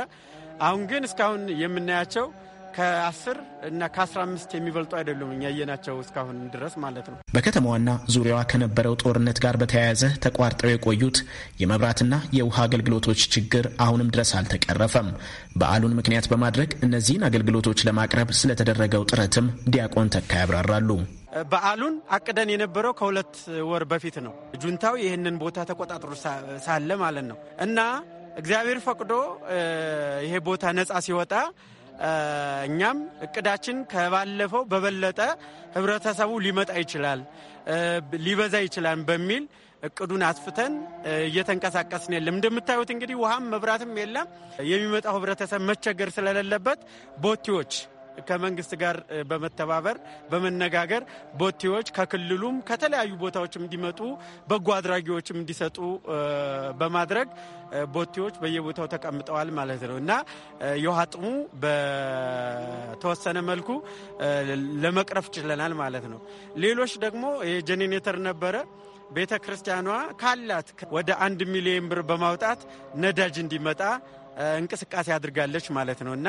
አሁን ግን እስካሁን የምናያቸው ከአስር እና ከአስራ አምስት የሚበልጡ አይደሉም እኛ የናቸው እስካሁን ድረስ ማለት ነው። በከተማዋና ዙሪያዋ ከነበረው ጦርነት ጋር በተያያዘ ተቋርጠው የቆዩት የመብራትና የውሃ አገልግሎቶች ችግር አሁንም ድረስ አልተቀረፈም። በዓሉን ምክንያት በማድረግ እነዚህን አገልግሎቶች ለማቅረብ ስለተደረገው ጥረትም ዲያቆን ተካ ያብራራሉ። በዓሉን አቅደን የነበረው ከሁለት ወር በፊት ነው። ጁንታው ይህንን ቦታ ተቆጣጥሮ ሳለ ማለት ነው እና እግዚአብሔር ፈቅዶ ይሄ ቦታ ነጻ ሲወጣ እኛም እቅዳችን ከባለፈው በበለጠ ህብረተሰቡ ሊመጣ ይችላል፣ ሊበዛ ይችላል በሚል እቅዱን አስፍተን እየተንቀሳቀስን የለም። እንደምታዩት እንግዲህ ውሃም መብራትም የለም። የሚመጣው ህብረተሰብ መቸገር ስለሌለበት ቦቲዎች ከመንግስት ጋር በመተባበር በመነጋገር ቦቴዎች ከክልሉም ከተለያዩ ቦታዎችም እንዲመጡ በጎ አድራጊዎችም እንዲሰጡ በማድረግ ቦቴዎች በየቦታው ተቀምጠዋል ማለት ነው እና የውሃ ጥሙ በተወሰነ መልኩ ለመቅረፍ ችለናል ማለት ነው። ሌሎች ደግሞ የጀኔኔተር ነበረ። ቤተ ክርስቲያኗ ካላት ወደ አንድ ሚሊዮን ብር በማውጣት ነዳጅ እንዲመጣ እንቅስቃሴ አድርጋለች ማለት ነው እና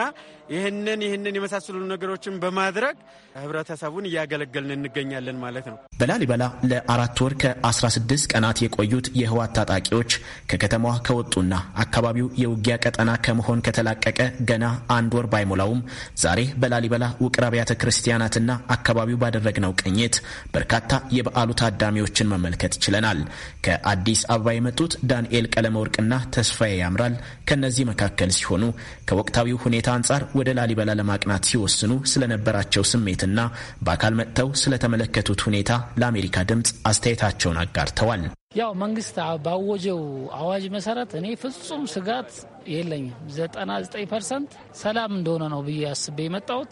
ይህንን ይህንን የመሳሰሉ ነገሮችን በማድረግ ህብረተሰቡን እያገለገልን እንገኛለን ማለት ነው። በላሊበላ ለአራት ወር ከ16 ቀናት የቆዩት የህወሓት ታጣቂዎች ከከተማዋ ከወጡና አካባቢው የውጊያ ቀጠና ከመሆን ከተላቀቀ ገና አንድ ወር ባይሞላውም ዛሬ በላሊበላ ውቅር አብያተ ክርስቲያናትና አካባቢው ባደረግነው ቅኝት በርካታ የበዓሉ ታዳሚዎችን መመልከት ችለናል። ከአዲስ አበባ የመጡት ዳንኤል ቀለመወርቅና ተስፋዬ ያምራል ከነዚህ መካከል ሲሆኑ ከወቅታዊው ሁኔታ አንጻር ወደ ላሊበላ ለማቅናት ሲወስኑ ስለነበራቸው ስሜትና በአካል መጥተው ስለተመለከቱት ሁኔታ ለአሜሪካ ድምፅ አስተያየታቸውን አጋርተዋል። ያው መንግስት ባወጀው አዋጅ መሰረት እኔ ፍጹም ስጋት የለኝም። 99 ፐርሰንት ሰላም እንደሆነ ነው ብዬ አስቤ የመጣሁት።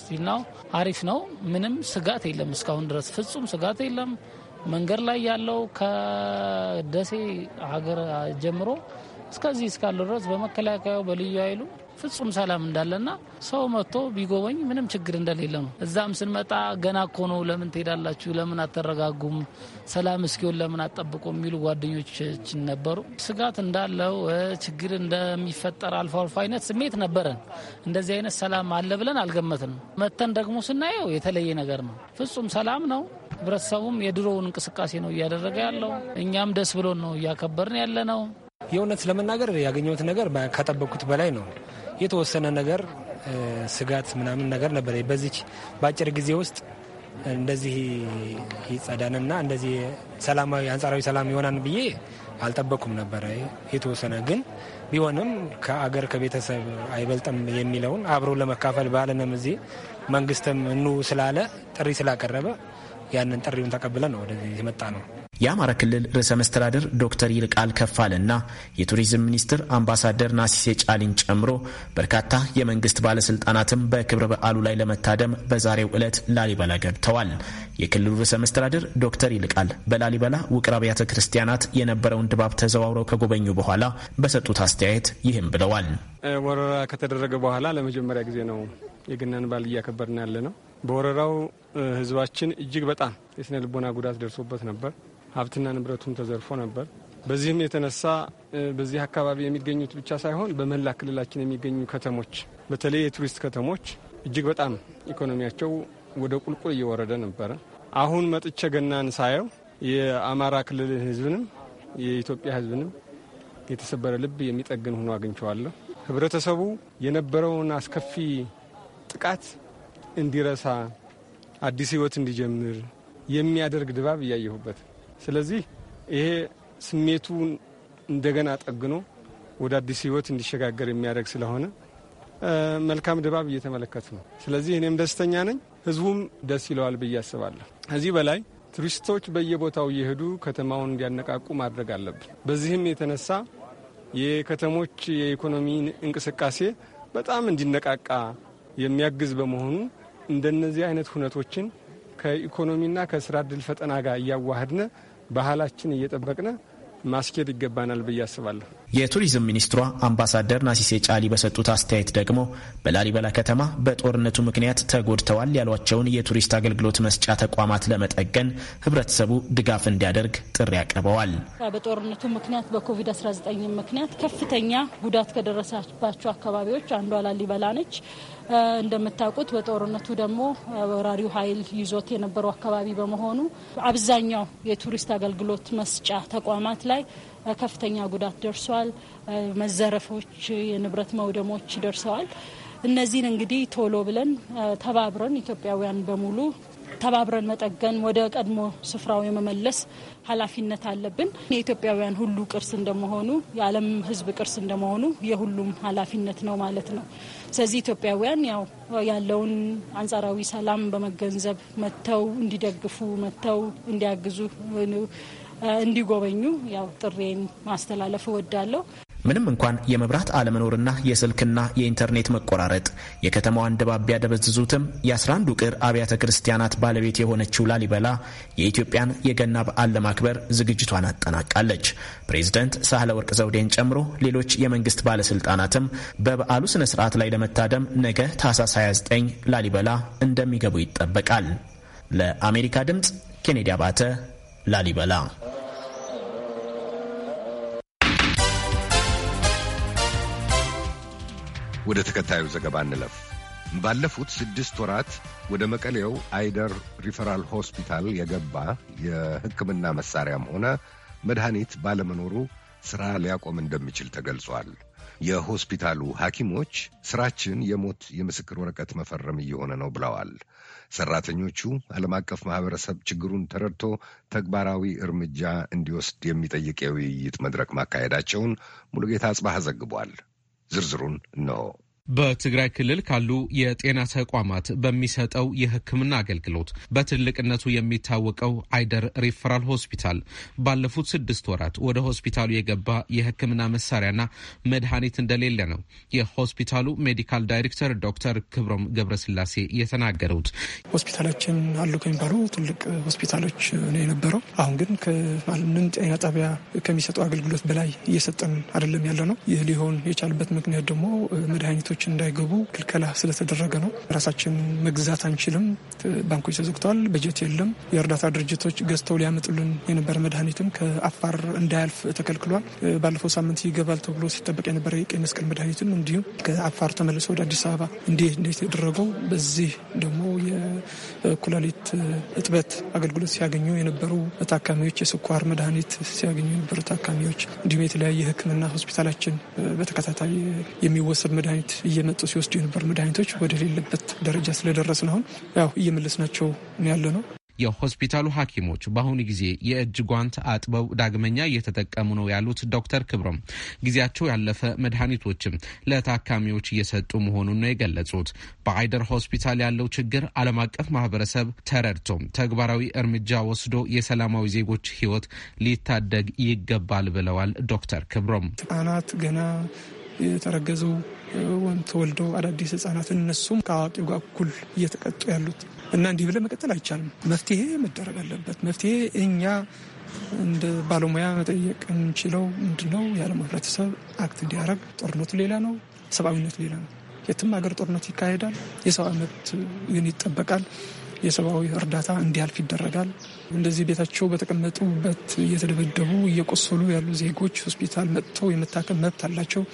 ስቲል ነው፣ አሪፍ ነው። ምንም ስጋት የለም እስካሁን ድረስ ፍጹም ስጋት የለም። መንገድ ላይ ያለው ከደሴ ሀገር ጀምሮ እስከዚህ እስካለ ድረስ በመከላከያው በልዩ ኃይሉ ፍጹም ሰላም እንዳለና ሰው መጥቶ ቢጎበኝ ምንም ችግር እንደሌለ ነው። እዛም ስንመጣ ገና እኮ ነው፣ ለምን ትሄዳላችሁ? ለምን አተረጋጉም? ሰላም እስኪሆን ለምን አጠብቁ የሚሉ ጓደኞቻችን ነበሩ። ስጋት እንዳለው ችግር እንደሚፈጠር አልፎ አልፎ አይነት ስሜት ነበረን። እንደዚህ አይነት ሰላም አለ ብለን አልገመትንም። መተን ደግሞ ስናየው የተለየ ነገር ነው። ፍጹም ሰላም ነው። ህብረተሰቡም የድሮውን እንቅስቃሴ ነው እያደረገ ያለው። እኛም ደስ ብሎን ነው እያከበርን ያለ ነው። የእውነት ስለመናገር ያገኘሁት ነገር ከጠበቅኩት በላይ ነው። የተወሰነ ነገር ስጋት ምናምን ነገር ነበር። በዚች በአጭር ጊዜ ውስጥ እንደዚህ ይጸዳንና እንደዚህ ሰላማዊ አንጻራዊ ሰላም ይሆናን ብዬ አልጠበቅኩም ነበረ። የተወሰነ ግን ቢሆንም ከአገር ከቤተሰብ አይበልጥም የሚለውን አብሮ ለመካፈል ባለንም እዚህ መንግስትም እኑ ስላለ ጥሪ ስላቀረበ ያንን ጥሪውን ተቀብለን ነው ወደዚህ የመጣ ነው። የአማራ ክልል ርዕሰ መስተዳድር ዶክተር ይልቃል ከፋለና የቱሪዝም ሚኒስትር አምባሳደር ናሲሴ ጫሊን ጨምሮ በርካታ የመንግስት ባለስልጣናትም በክብረ በዓሉ ላይ ለመታደም በዛሬው ዕለት ላሊበላ ገብተዋል። የክልሉ ርዕሰ መስተዳድር ዶክተር ይልቃል በላሊበላ ውቅር አብያተ ክርስቲያናት የነበረውን ድባብ ተዘዋውረው ከጎበኙ በኋላ በሰጡት አስተያየት ይህም ብለዋል። ወረራ ከተደረገ በኋላ ለመጀመሪያ ጊዜ ነው የገናን በዓል እያከበርን ያለ ነው። በወረራው ህዝባችን እጅግ በጣም የስነ ልቦና ጉዳት ደርሶበት ነበር። ሀብትና ንብረቱም ተዘርፎ ነበር። በዚህም የተነሳ በዚህ አካባቢ የሚገኙት ብቻ ሳይሆን በመላ ክልላችን የሚገኙ ከተሞች፣ በተለይ የቱሪስት ከተሞች እጅግ በጣም ኢኮኖሚያቸው ወደ ቁልቁል እየወረደ ነበረ። አሁን መጥቼ ገናን ሳየው የአማራ ክልል ህዝብንም የኢትዮጵያ ህዝብንም የተሰበረ ልብ የሚጠግን ሆኖ አግኝቸዋለሁ። ህብረተሰቡ የነበረውን አስከፊ ጥቃት እንዲረሳ አዲስ ህይወት እንዲጀምር የሚያደርግ ድባብ እያየሁበት፣ ስለዚህ ይሄ ስሜቱን እንደገና ጠግኖ ወደ አዲስ ህይወት እንዲሸጋገር የሚያደርግ ስለሆነ መልካም ድባብ እየተመለከት ነው። ስለዚህ እኔም ደስተኛ ነኝ፣ ህዝቡም ደስ ይለዋል ብዬ አስባለሁ። ከዚህ በላይ ቱሪስቶች በየቦታው እየሄዱ ከተማውን እንዲያነቃቁ ማድረግ አለብን። በዚህም የተነሳ የከተሞች የኢኮኖሚ እንቅስቃሴ በጣም እንዲነቃቃ የሚያግዝ በመሆኑ እንደነዚህ አይነት ሁነቶችን ከኢኮኖሚና ከስራ እድል ፈጠና ጋር እያዋህድነ ባህላችን እየጠበቅነ ማስኬድ ይገባናል ብዬ አስባለሁ። የቱሪዝም ሚኒስትሯ አምባሳደር ናሲሴ ጫሊ በሰጡት አስተያየት ደግሞ በላሊበላ ከተማ በጦርነቱ ምክንያት ተጎድተዋል ያሏቸውን የቱሪስት አገልግሎት መስጫ ተቋማት ለመጠገን ህብረተሰቡ ድጋፍ እንዲያደርግ ጥሪ አቅርበዋል። በጦርነቱ ምክንያት በኮቪድ-19 ምክንያት ከፍተኛ ጉዳት ከደረሰባቸው አካባቢዎች አንዷ ላሊበላ ነች። እንደምታውቁት በጦርነቱ ደግሞ ወራሪው ኃይል ይዞት የነበረው አካባቢ በመሆኑ አብዛኛው የቱሪስት አገልግሎት መስጫ ተቋማት ላይ ከፍተኛ ጉዳት ደርሷል። መዘረፎች፣ የንብረት መውደሞች ደርሰዋል። እነዚህን እንግዲህ ቶሎ ብለን ተባብረን ኢትዮጵያውያን በሙሉ ተባብረን መጠገን ወደ ቀድሞ ስፍራው የመመለስ ኃላፊነት አለብን። የኢትዮጵያውያን ሁሉ ቅርስ እንደመሆኑ የዓለም ሕዝብ ቅርስ እንደመሆኑ የሁሉም ኃላፊነት ነው ማለት ነው። ስለዚህ ኢትዮጵያውያን ያው ያለውን አንጻራዊ ሰላም በመገንዘብ መጥተው እንዲደግፉ መጥተው እንዲያግዙ እንዲጎበኙ ያው ጥሬን ማስተላለፍ እወዳለሁ። ምንም እንኳን የመብራት አለመኖርና የስልክና የኢንተርኔት መቆራረጥ የከተማዋን ድባብ ያደበዝዙትም የ 11 ውቅር አብያተ ክርስቲያናት ባለቤት የሆነችው ላሊበላ የኢትዮጵያን የገና በዓል ለማክበር ዝግጅቷን አጠናቃለች። ፕሬዝደንት ሳህለ ወርቅ ዘውዴን ጨምሮ ሌሎች የመንግስት ባለስልጣናትም በበዓሉ ስነ ስርዓት ላይ ለመታደም ነገ ታህሳስ 29 ላሊበላ እንደሚገቡ ይጠበቃል። ለአሜሪካ ድምፅ ኬኔዲ አባተ ላሊበላ ወደ ተከታዩ ዘገባ እንለፍ። ባለፉት ስድስት ወራት ወደ መቀሌው አይደር ሪፈራል ሆስፒታል የገባ የሕክምና መሳሪያም ሆነ መድኃኒት ባለመኖሩ ሥራ ሊያቆም እንደሚችል ተገልጿል። የሆስፒታሉ ሐኪሞች ሥራችን የሞት የምስክር ወረቀት መፈረም እየሆነ ነው ብለዋል። ሠራተኞቹ ዓለም አቀፍ ማኅበረሰብ ችግሩን ተረድቶ ተግባራዊ እርምጃ እንዲወስድ የሚጠይቅ የውይይት መድረክ ማካሄዳቸውን ሙሉጌታ አጽባህ ዘግቧል። ዝርዝሩን እነሆ። በትግራይ ክልል ካሉ የጤና ተቋማት በሚሰጠው የሕክምና አገልግሎት በትልቅነቱ የሚታወቀው አይደር ሪፈራል ሆስፒታል ባለፉት ስድስት ወራት ወደ ሆስፒታሉ የገባ የሕክምና መሳሪያና መድኃኒት እንደሌለ ነው የሆስፒታሉ ሜዲካል ዳይሬክተር ዶክተር ክብሮም ገብረስላሴ የተናገሩት። ሆስፒታላችን አሉ ከሚባሉ ትልቅ ሆስፒታሎች ነው የነበረው። አሁን ግን ከማንም ጤና ጣቢያ ከሚሰጠው አገልግሎት በላይ እየሰጠን አይደለም ያለ ነው። ይህ ሊሆን የቻሉበት ምክንያት ደግሞ መድኃኒቶች ባንኮች እንዳይገቡ ክልከላ ስለተደረገ ነው። ራሳችን መግዛት አንችልም። ባንኮች ተዘግተዋል። በጀት የለም። የእርዳታ ድርጅቶች ገዝተው ሊያመጡልን የነበረ መድኃኒትም ከአፋር እንዳያልፍ ተከልክሏል። ባለፈው ሳምንት ይገባል ተብሎ ሲጠበቅ የነበረ የቀይ መስቀል መድኃኒትም እንዲሁም ከአፋር ተመልሶ ወደ አዲስ አበባ እንዲህ እንዴት የተደረገው በዚህ ደግሞ የኩላሊት እጥበት አገልግሎት ሲያገኙ የነበሩ ታካሚዎች የስኳር መድኃኒት ሲያገኙ የነበሩ ታካሚዎች እንዲሁም የተለያየ ሕክምና ሆስፒታላችን በተከታታይ የሚወሰድ መድኃኒት እየመጡ ሲወስዱ የነበር መድኃኒቶች ወደሌለበት ደረጃ ስለደረስ ነው አሁን ያው እየመለስናቸው ያለ ነው። የሆስፒታሉ ሐኪሞች በአሁኑ ጊዜ የእጅ ጓንት አጥበው ዳግመኛ እየተጠቀሙ ነው ያሉት ዶክተር ክብሮም ጊዜያቸው ያለፈ መድኃኒቶችም ለታካሚዎች እየሰጡ መሆኑን ነው የገለጹት። በአይደር ሆስፒታል ያለው ችግር ዓለም አቀፍ ማህበረሰብ ተረድቶ ተግባራዊ እርምጃ ወስዶ የሰላማዊ ዜጎች ሕይወት ሊታደግ ይገባል ብለዋል ዶክተር ክብሮም ህጻናት ገና የተረገዙ ተወልደው አዳዲስ ህጻናትን እነሱም ከአዋቂው ጋር እኩል እየተቀጡ ያሉት እና እንዲህ ብለ መቀጠል አይቻልም። መፍትሄ መደረግ አለበት። መፍትሄ እኛ እንደ ባለሙያ መጠየቅ የምንችለው ምንድነው? የዓለም ህብረተሰብ አክት እንዲያደርግ። ጦርነቱ ሌላ ነው፣ ሰብአዊነቱ ሌላ ነው። የትም ሀገር ጦርነት ይካሄዳል፣ የሰብአዊ መብት ግን ይጠበቃል። የሰብአዊ እርዳታ እንዲያልፍ ይደረጋል። እንደዚህ ቤታቸው በተቀመጡበት እየተደበደቡ እየቆሰሉ ያሉ ዜጎች ሆስፒታል መጥተው የመታከም መብት አላቸው።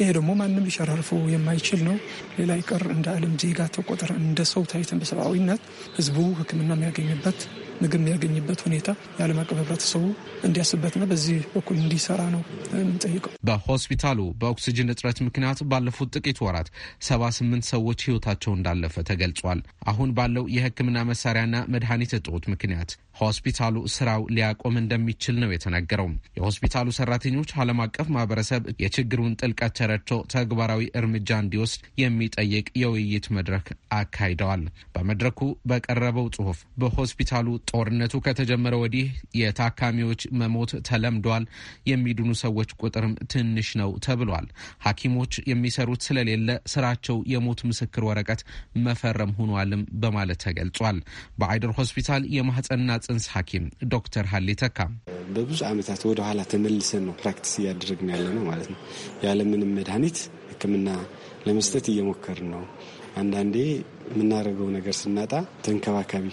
ይሄ ደግሞ ማንም ሊሸራርፈው የማይችል ነው። ሌላ ይቀር እንደ ዓለም ዜጋ ተቆጠረ እንደ ሰው ታይተን በሰብአዊነት ህዝቡ ሕክምና የሚያገኝበት ምግብ የሚያገኝበት ሁኔታ የዓለም አቀፍ ህብረተሰቡ እንዲያስበትና በዚህ በኩል እንዲሰራ ነው የምንጠይቀው። በሆስፒታሉ በኦክስጅን እጥረት ምክንያት ባለፉት ጥቂት ወራት ሰባ ስምንት ሰዎች ህይወታቸው እንዳለፈ ተገልጿል። አሁን ባለው የህክምና መሳሪያና መድኃኒት እጦት ምክንያት ሆስፒታሉ ስራው ሊያቆም እንደሚችል ነው የተነገረው። የሆስፒታሉ ሰራተኞች ዓለም አቀፍ ማህበረሰብ የችግሩን ጥልቀት ተረድቶ ተግባራዊ እርምጃ እንዲወስድ የሚጠይቅ የውይይት መድረክ አካሂደዋል። በመድረኩ በቀረበው ጽሁፍ በሆስፒታሉ ጦርነቱ ከተጀመረ ወዲህ የታካሚዎች መሞት ተለምዷል፣ የሚድኑ ሰዎች ቁጥርም ትንሽ ነው ተብሏል። ሐኪሞች የሚሰሩት ስለሌለ ስራቸው የሞት ምስክር ወረቀት መፈረም ሆኗልም በማለት ተገልጿል። በአይደር ሆስፒታል የማህፀንና ጽንስ ሐኪም ዶክተር ሀሌ ተካ በብዙ ዓመታት ወደኋላ ተመልሰን ነው ፕራክቲስ እያደረግን ያለ ነው ማለት ነው። ያለምንም መድኃኒት ሕክምና ለመስጠት እየሞከርን ነው። አንዳንዴ የምናደርገው ነገር ስናጣ ተንከባካቢ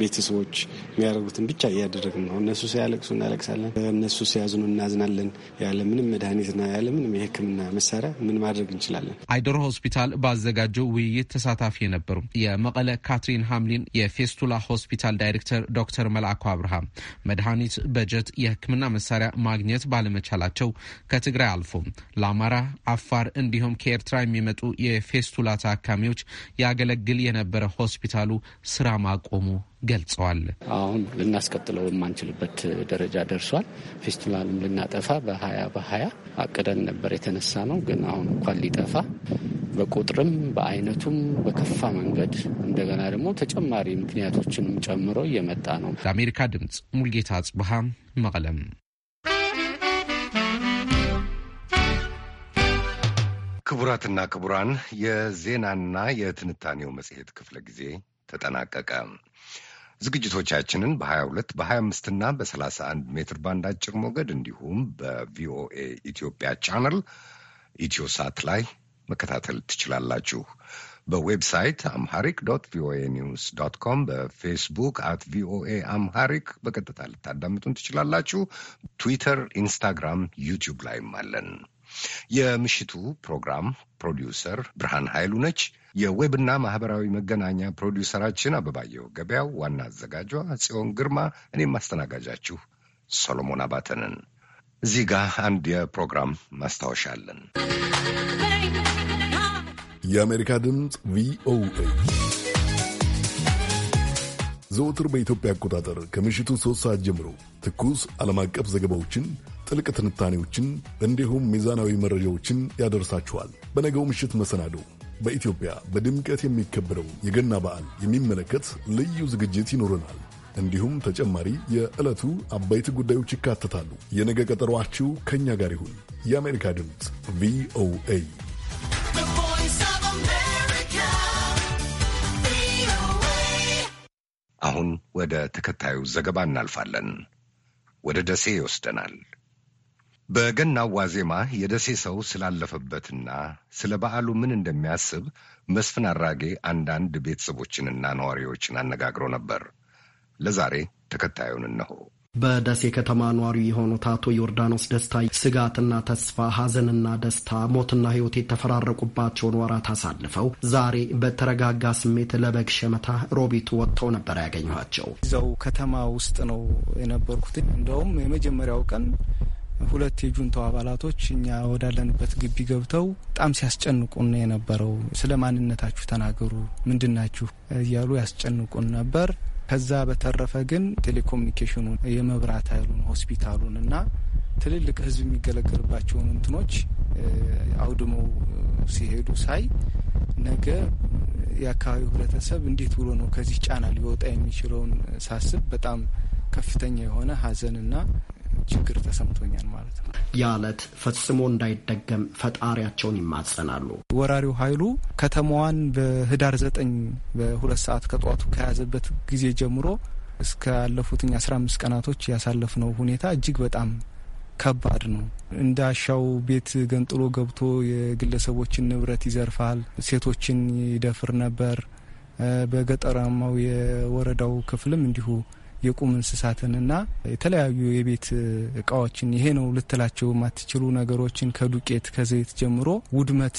ቤተሰቦች የሚያደርጉትን ብቻ እያደረግን ነው። እነሱ ሲያለቅሱ እናለቅሳለን፣ እነሱ ሲያዝኑ እናዝናለን። ያለ ምንም መድኃኒትና ያለምንም የሕክምና መሳሪያ ምን ማድረግ እንችላለን? አይደሮ ሆስፒታል ባዘጋጀው ውይይት ተሳታፊ የነበሩ የመቀለ ካትሪን ሀምሊን የፌስቱላ ሆስፒታል ዳይሬክተር ዶክተር መልአኩ አብርሃም መድኃኒት፣ በጀት፣ የሕክምና መሳሪያ ማግኘት ባለመቻላቸው ከትግራይ አልፎ ለአማራ፣ አፋር እንዲሁም ከኤርትራ የሚመጡ የፌስቱላ ታካሚዎች ያገለግል ያገለግል የነበረ ሆስፒታሉ ስራ ማቆሙ ገልጸዋል። አሁን ልናስቀጥለው የማንችልበት ደረጃ ደርሷል። ፌስቲቫልም ልናጠፋ በሀያ በሀያ አቅደን ነበር የተነሳ ነው። ግን አሁን እንኳን ሊጠፋ በቁጥርም በአይነቱም በከፋ መንገድ እንደገና ደግሞ ተጨማሪ ምክንያቶችንም ጨምሮ እየመጣ ነው። ለአሜሪካ ድምፅ ሙልጌታ አጽብሃ መቀለም ክቡራትና ክቡራን የዜናና የትንታኔው መጽሔት ክፍለ ጊዜ ተጠናቀቀ። ዝግጅቶቻችንን በ22 በ25 እና በ31 ሜትር ባንድ አጭር ሞገድ እንዲሁም በቪኦኤ ኢትዮጵያ ቻናል ሳት ላይ መከታተል ትችላላችሁ። በዌብሳይት አምሃሪክ ዶት ቪኦኤ ኒውስ ዶት ኮም፣ በፌስቡክ አት ቪኦኤ አምሃሪክ በቀጥታ ልታዳምጡን ትችላላችሁ። ትዊተር፣ ኢንስታግራም፣ ዩቲዩብ ላይም አለን። የምሽቱ ፕሮግራም ፕሮዲውሰር ብርሃን ኃይሉ ነች። የዌብና ማህበራዊ መገናኛ ፕሮዲውሰራችን አበባየሁ ገበያው፣ ዋና አዘጋጇ ጽዮን ግርማ፣ እኔም አስተናጋጃችሁ ሰሎሞን አባተንን። እዚህ ጋር አንድ የፕሮግራም ማስታወሻ አለን። የአሜሪካ ድምፅ ቪኦኤ ዘወትር በኢትዮጵያ አቆጣጠር ከምሽቱ ሶስት ሰዓት ጀምሮ ትኩስ ዓለም አቀፍ ዘገባዎችን ጥልቅ ትንታኔዎችን እንዲሁም ሚዛናዊ መረጃዎችን ያደርሳችኋል። በነገው ምሽት መሰናዶ በኢትዮጵያ በድምቀት የሚከበረው የገና በዓል የሚመለከት ልዩ ዝግጅት ይኖረናል። እንዲሁም ተጨማሪ የዕለቱ አበይት ጉዳዮች ይካተታሉ። የነገ ቀጠሯችሁ ከእኛ ጋር ይሁን። የአሜሪካ ድምፅ ቪኦኤ አሁን ወደ ተከታዩ ዘገባ እናልፋለን። ወደ ደሴ ይወስደናል። በገና ዋዜማ የደሴ ሰው ስላለፈበትና ስለ በዓሉ ምን እንደሚያስብ መስፍን አራጌ አንዳንድ ቤተሰቦችንና ነዋሪዎችን አነጋግሮ ነበር። ለዛሬ ተከታዩን እነሆ። በደሴ ከተማ ነዋሪ የሆኑት አቶ ዮርዳኖስ ደስታ ስጋትና ተስፋ፣ ሀዘንና ደስታ፣ ሞትና ህይወት የተፈራረቁባቸውን ወራት አሳልፈው ዛሬ በተረጋጋ ስሜት ለበግ ሸመታ ሮቢቱ ወጥተው ነበር ያገኘኋቸው። እዛው ከተማ ውስጥ ነው የነበርኩት። እንደውም የመጀመሪያው ቀን ሁለት የጁንታው አባላቶች እኛ ወዳለንበት ግቢ ገብተው በጣም ሲያስጨንቁን የነበረው ስለ ማንነታችሁ ተናገሩ፣ ምንድናችሁ እያሉ ያስጨንቁን ነበር። ከዛ በተረፈ ግን ቴሌኮሙኒኬሽኑን፣ የመብራት ኃይሉን፣ ሆስፒታሉን እና ትልልቅ ህዝብ የሚገለገልባቸውን እንትኖች አውድመው ሲሄዱ ሳይ ነገ የአካባቢው ህብረተሰብ እንዴት ብሎ ነው ከዚህ ጫና ሊወጣ የሚችለውን ሳስብ በጣም ከፍተኛ የሆነ ሀዘንና ችግር ተሰምቶኛል ማለት ነው። ያ ዕለት ፈጽሞ እንዳይደገም ፈጣሪያቸውን ይማጸናሉ። ወራሪው ኃይሉ ከተማዋን በህዳር ዘጠኝ በሁለት ሰዓት ከጠዋቱ ከያዘበት ጊዜ ጀምሮ እስከ አስራ አምስት ቀናቶች ያሳለፍነው ሁኔታ እጅግ በጣም ከባድ ነው። እንዳሻው ቤት ገንጥሎ ገብቶ የግለሰቦችን ንብረት ይዘርፋል፣ ሴቶችን ይደፍር ነበር። በገጠራማው የወረዳው ክፍልም እንዲሁ የቁም እንስሳትንና የተለያዩ የቤት እቃዎችን ይሄ ነው ልትላቸው የማትችሉ ነገሮችን ከዱቄት ከዘይት ጀምሮ ውድመት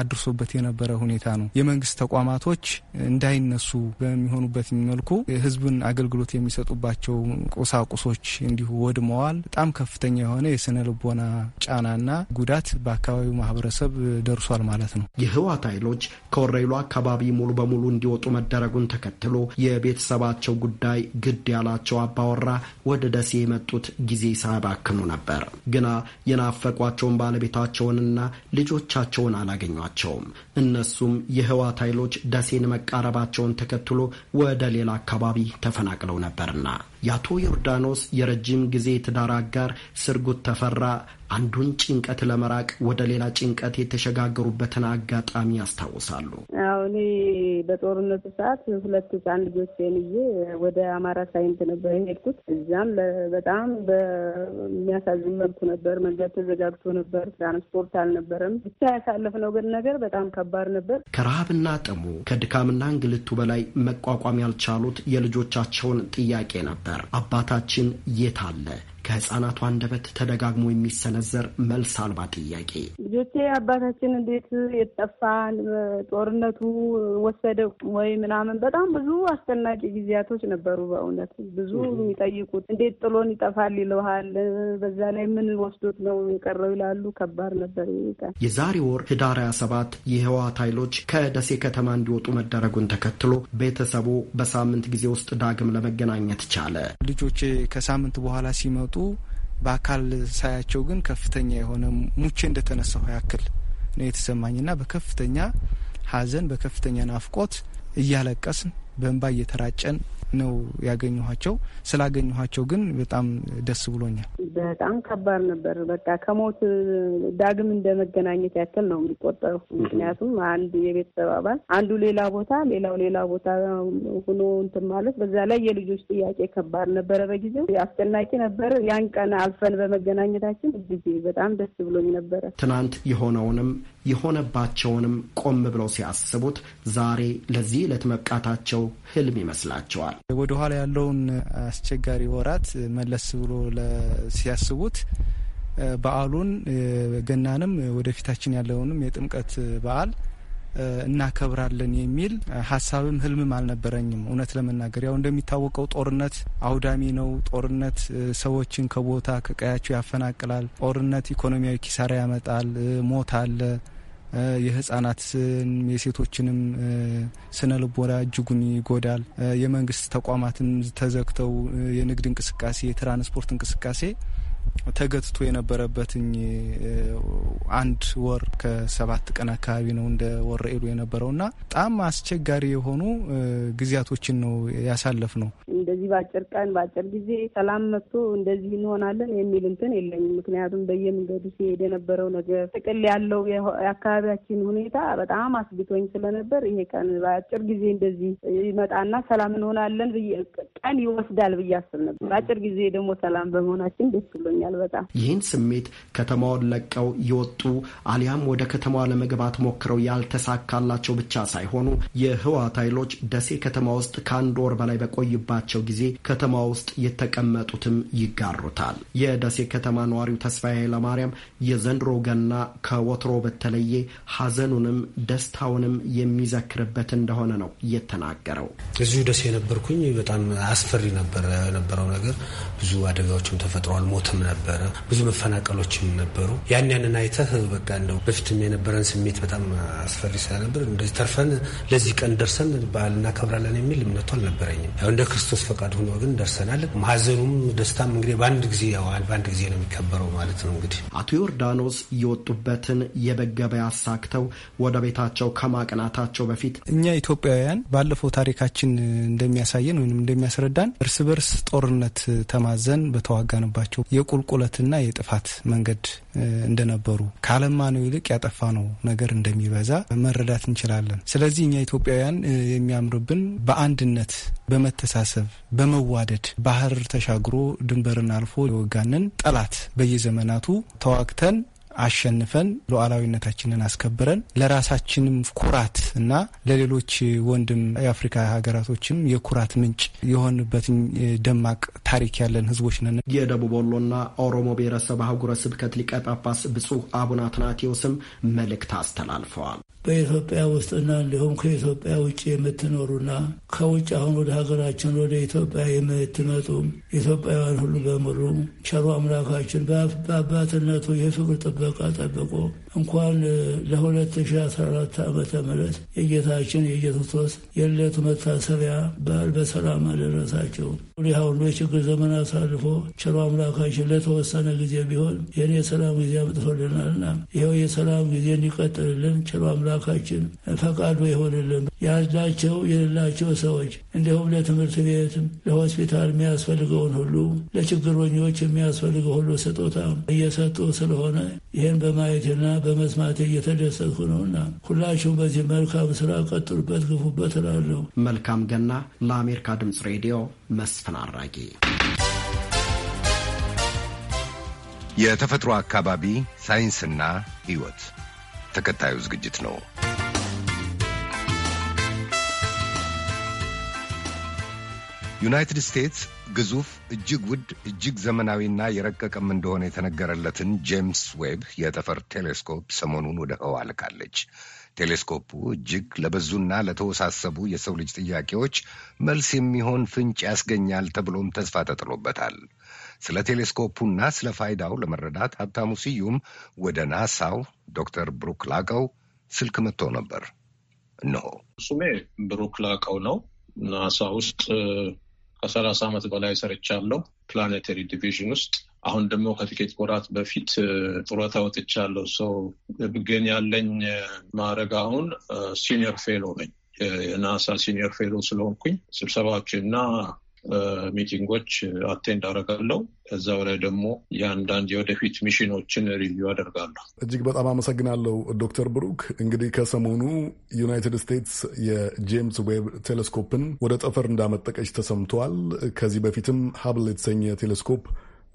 አድርሶበት የነበረ ሁኔታ ነው። የመንግስት ተቋማቶች እንዳይነሱ በሚሆኑበት መልኩ ህዝብን አገልግሎት የሚሰጡባቸው ቁሳቁሶች እንዲሁ ወድመዋል። በጣም ከፍተኛ የሆነ የስነ ልቦና ጫናና ጉዳት በአካባቢው ማህበረሰብ ደርሷል ማለት ነው። የህወሓት ኃይሎች ከወረይሉ አካባቢ ሙሉ በሙሉ እንዲወጡ መደረጉን ተከትሎ የቤተሰባቸው ጉዳይ ግድ ያለ የጣላቸው አባወራ ወደ ደሴ የመጡት ጊዜ ሳያባክኑ ነበር። ግና የናፈቋቸውን ባለቤታቸውንና ልጆቻቸውን አላገኟቸውም። እነሱም የህዋት ኃይሎች ደሴን መቃረባቸውን ተከትሎ ወደ ሌላ አካባቢ ተፈናቅለው ነበርና የአቶ ዮርዳኖስ የረጅም ጊዜ ትዳር አጋር ስርጉት ተፈራ አንዱን ጭንቀት ለመራቅ ወደ ሌላ ጭንቀት የተሸጋገሩበትን አጋጣሚ ያስታውሳሉ? አዎ እኔ በጦርነቱ ሰዓት ሁለት ህፃን ልጆቼን ይዤ ወደ አማራ ሳይንት ነበር የሄድኩት። እዚም በጣም በሚያሳዝን መልኩ ነበር። መንገድ ተዘጋግቶ ነበር። ትራንስፖርት አልነበረም። ብቻ ያሳለፍነው ግን ነገር በጣም ከባድ ነበር። ከረሃብና ጥሙ ከድካምና እንግልቱ በላይ መቋቋም ያልቻሉት የልጆቻቸውን ጥያቄ ነበር። አባታችን የት አለ ከህጻናቱ አንደበት ተደጋግሞ የሚሰነዘር መልስ አልባ ጥያቄ ልጆቼ አባታችን እንዴት የጠፋን ጦርነቱ ወሰደ ወይ ምናምን በጣም ብዙ አስጨናቂ ጊዜያቶች ነበሩ። በእውነት ብዙ የሚጠይቁት እንዴት ጥሎን ይጠፋል ይለሃል። በዛ ላይ ምን ወስዶት ነው የቀረው ይላሉ። ከባድ ነበር። የዛሬ ወር ህዳር 27 የህወሓት ኃይሎች ከደሴ ከተማ እንዲወጡ መደረጉን ተከትሎ ቤተሰቡ በሳምንት ጊዜ ውስጥ ዳግም ለመገናኘት ቻለ። ልጆች ከሳምንት በኋላ ሲመጡ በአካል ሳያቸው ግን ከፍተኛ የሆነ ሙቼ እንደተነሳሁ ያክል ነው የተሰማኝና በከፍተኛ ሐዘን በከፍተኛ ናፍቆት እያለቀስን በእንባ እየተራጨን ነው ያገኘኋቸው። ስላገኘኋቸው ግን በጣም ደስ ብሎኛል። በጣም ከባድ ነበር። በቃ ከሞት ዳግም እንደ መገናኘት ያክል ነው የሚቆጠረው። ምክንያቱም አንድ የቤተሰብ አባል አንዱ ሌላ ቦታ፣ ሌላው ሌላ ቦታ ሆኖ እንትን ማለት በዛ ላይ የልጆች ጥያቄ ከባድ ነበረ። በጊዜው አስጨናቂ ነበር። ያን ቀን አልፈን በመገናኘታችን እጅግ በጣም ደስ ብሎኝ ነበረ። ትናንት የሆነውንም የሆነባቸውንም ቆም ብለው ሲያስቡት ዛሬ ለዚህ ዕለት መብቃታቸው ህልም ይመስላቸዋል። ወደ ወደኋላ ያለውን አስቸጋሪ ወራት መለስ ብሎ ሲያስቡት በዓሉን ገናንም ወደፊታችን ያለውንም የጥምቀት በዓል እናከብራለን የሚል ሀሳብም ህልምም አልነበረኝም። እውነት ለመናገር ያው እንደሚታወቀው ጦርነት አውዳሚ ነው። ጦርነት ሰዎችን ከቦታ ከቀያቸው ያፈናቅላል። ጦርነት ኢኮኖሚያዊ ኪሳራ ያመጣል። ሞት አለ። የህጻናትን የሴቶችንም ስነ ልቦና እጅጉን ይጎዳል። የመንግስት ተቋማትም ተዘግተው የንግድ እንቅስቃሴ፣ የትራንስፖርት እንቅስቃሴ ተገትቶ የነበረበትኝ አንድ ወር ከሰባት ቀን አካባቢ ነው እንደ ወረኤሉ የነበረውና በጣም አስቸጋሪ የሆኑ ጊዜያቶችን ነው ያሳለፍ ነው። እንደዚህ በአጭር ቀን በአጭር ጊዜ ሰላም መጥቶ እንደዚህ እንሆናለን የሚል እንትን የለኝም። ምክንያቱም በየመንገዱ ሲሄድ የነበረው ነገር ጥቅል ያለው የአካባቢያችን ሁኔታ በጣም አስግቶኝ ስለነበር ይሄ ቀን በአጭር ጊዜ እንደዚህ ይመጣና ሰላም እንሆናለን ቀን ይወስዳል ብዬ አስብ ነበር። በአጭር ጊዜ ደግሞ ሰላም በመሆናችን ደስ ብሎኛል። ይሰማኛል በጣም ይህን ስሜት ከተማውን ለቀው የወጡ አሊያም ወደ ከተማዋ ለመግባት ሞክረው ያልተሳካላቸው ብቻ ሳይሆኑ የህወሓት ኃይሎች ደሴ ከተማ ውስጥ ከአንድ ወር በላይ በቆይባቸው ጊዜ ከተማ ውስጥ የተቀመጡትም ይጋሩታል። የደሴ ከተማ ነዋሪው ተስፋዬ ኃይለማርያም የዘንድሮ ገና ከወትሮ በተለየ ሀዘኑንም ደስታውንም የሚዘክርበት እንደሆነ ነው የተናገረው። እዚሁ ደሴ የነበርኩኝ በጣም አስፈሪ ነበር የነበረው ነገር። ብዙ አደጋዎችም ተፈጥረዋል። ሞትም ነበረ። ብዙ መፈናቀሎችም ነበሩ። ያን ያንን አይተህ በቃ እንደው በፊትም የነበረን ስሜት በጣም አስፈሪ ስለነበር እንደዚህ ተርፈን ለዚህ ቀን ደርሰን በዓል እናከብራለን የሚል እምነቱ አልነበረኝም። ያው እንደ ክርስቶስ ፈቃድ ሆኖ ግን ደርሰናል። ማዘኑም ደስታም እንግዲህ በአንድ ጊዜ ያዋል በአንድ ጊዜ ነው የሚከበረው ማለት ነው። እንግዲህ አቶ ዮርዳኖስ የወጡበትን የበገበያ አሳክተው ወደ ቤታቸው ከማቅናታቸው በፊት እኛ ኢትዮጵያውያን ባለፈው ታሪካችን እንደሚያሳየን ወይም እንደሚያስረዳን እርስ በርስ ጦርነት ተማዘን በተዋጋንባቸው የቁ የቁልቁለትና የጥፋት መንገድ እንደነበሩ ነው ይልቅ ያጠፋነው ነገር እንደሚበዛ መረዳት እንችላለን። ስለዚህ እኛ ኢትዮጵያውያን የሚያምርብን በአንድነት፣ በመተሳሰብ፣ በመዋደድ ባህር ተሻግሮ ድንበርን አልፎ የወጋንን ጠላት በየዘመናቱ ተዋግተን አሸንፈን ሉዓላዊነታችንን አስከብረን ለራሳችንም ኩራት እና ለሌሎች ወንድም የአፍሪካ ሀገራቶችም የኩራት ምንጭ የሆንበትን ደማቅ ታሪክ ያለን ህዝቦች ነን። የደቡብ ወሎና ኦሮሞ ብሔረሰብ አህጉረ ስብከት ሊቀ ጳጳስ ብፁዕ አቡነ አትናቴዎስም መልእክት አስተላልፈዋል። በኢትዮጵያ ውስጥና እንዲሁም ከኢትዮጵያ ውጭ የምትኖሩና ከውጭ አሁን ወደ ሀገራችን ወደ ኢትዮጵያ የምትመጡ ኢትዮጵያውያን ሁሉ በሙሉ ቸሩ አምላካችን በአባትነቱ የፍቅር ጥበ በቃ ጠብቁ እንኳን ለ2014 ዓመተ ምህረት የጌታችን የኢየሱስ የልደቱ መታሰቢያ በዓል በሰላም አደረሳቸው። ይህ ሁሉ የችግር ዘመን አሳልፎ ችሎ አምላካችን ለተወሰነ ጊዜ ቢሆን ይህን የሰላም ጊዜ አምጥቶልናልና ይኸው የሰላም ጊዜ እንዲቀጥልልን ችሎ አምላካችን ፈቃዱ ይሆንልን። ያላቸው የሌላቸው ሰዎች እንዲሁም ለትምህርት ቤት ለሆስፒታል የሚያስፈልገውን ሁሉ ለችግረኞች የሚያስፈልገው ሁሉ ስጦታ እየሰጡ ስለሆነ ይህን በማየትና በመስማት እየተደሰትኩ ነውና ሁላችሁም በዚህ መልካም ስራ ቀጥሉበት፣ ግፉበት እላለሁ። መልካም ገና። ለአሜሪካ ድምፅ ሬዲዮ መስፍን አራጌ። የተፈጥሮ አካባቢ ሳይንስና ሕይወት ተከታዩ ዝግጅት ነው። ዩናይትድ ስቴትስ ግዙፍ እጅግ ውድ እጅግ ዘመናዊና የረቀቀም እንደሆነ የተነገረለትን ጄምስ ዌብ የጠፈር ቴሌስኮፕ ሰሞኑን ወደ ህዋ ልካለች። ቴሌስኮፑ እጅግ ለበዙና ለተወሳሰቡ የሰው ልጅ ጥያቄዎች መልስ የሚሆን ፍንጭ ያስገኛል ተብሎም ተስፋ ተጥሎበታል። ስለ ቴሌስኮፑና ስለ ፋይዳው ለመረዳት ሀብታሙ ስዩም ወደ ናሳው ዶክተር ብሩክ ላቀው ስልክ መጥቶ ነበር። እነሆ። ስሜ ብሩክ ላቀው ነው። ናሳ ውስጥ ከሰላሳ ዓመት በላይ ሰርቻለሁ ፕላኔተሪ ዲቪዥን ውስጥ። አሁን ደግሞ ከጥቂት ወራት በፊት ጡረታ ወጥቻለሁ። ሰው ብገን ያለኝ ማድረግ አሁን ሲኒየር ፌሎ ነኝ። የናሳ ሲኒየር ፌሎ ስለሆንኩኝ ስብሰባዎችና ሚቲንጎች አቴንድ አደርጋለሁ። ከዛ በላይ ደግሞ የአንዳንድ የወደፊት ሚሽኖችን ሪቪው አደርጋለሁ። እጅግ በጣም አመሰግናለሁ ዶክተር ብሩክ። እንግዲህ ከሰሞኑ ዩናይትድ ስቴትስ የጄምስ ዌብ ቴሌስኮፕን ወደ ጠፈር እንዳመጠቀች ተሰምተዋል። ከዚህ በፊትም ሀብል የተሰኘ ቴሌስኮፕ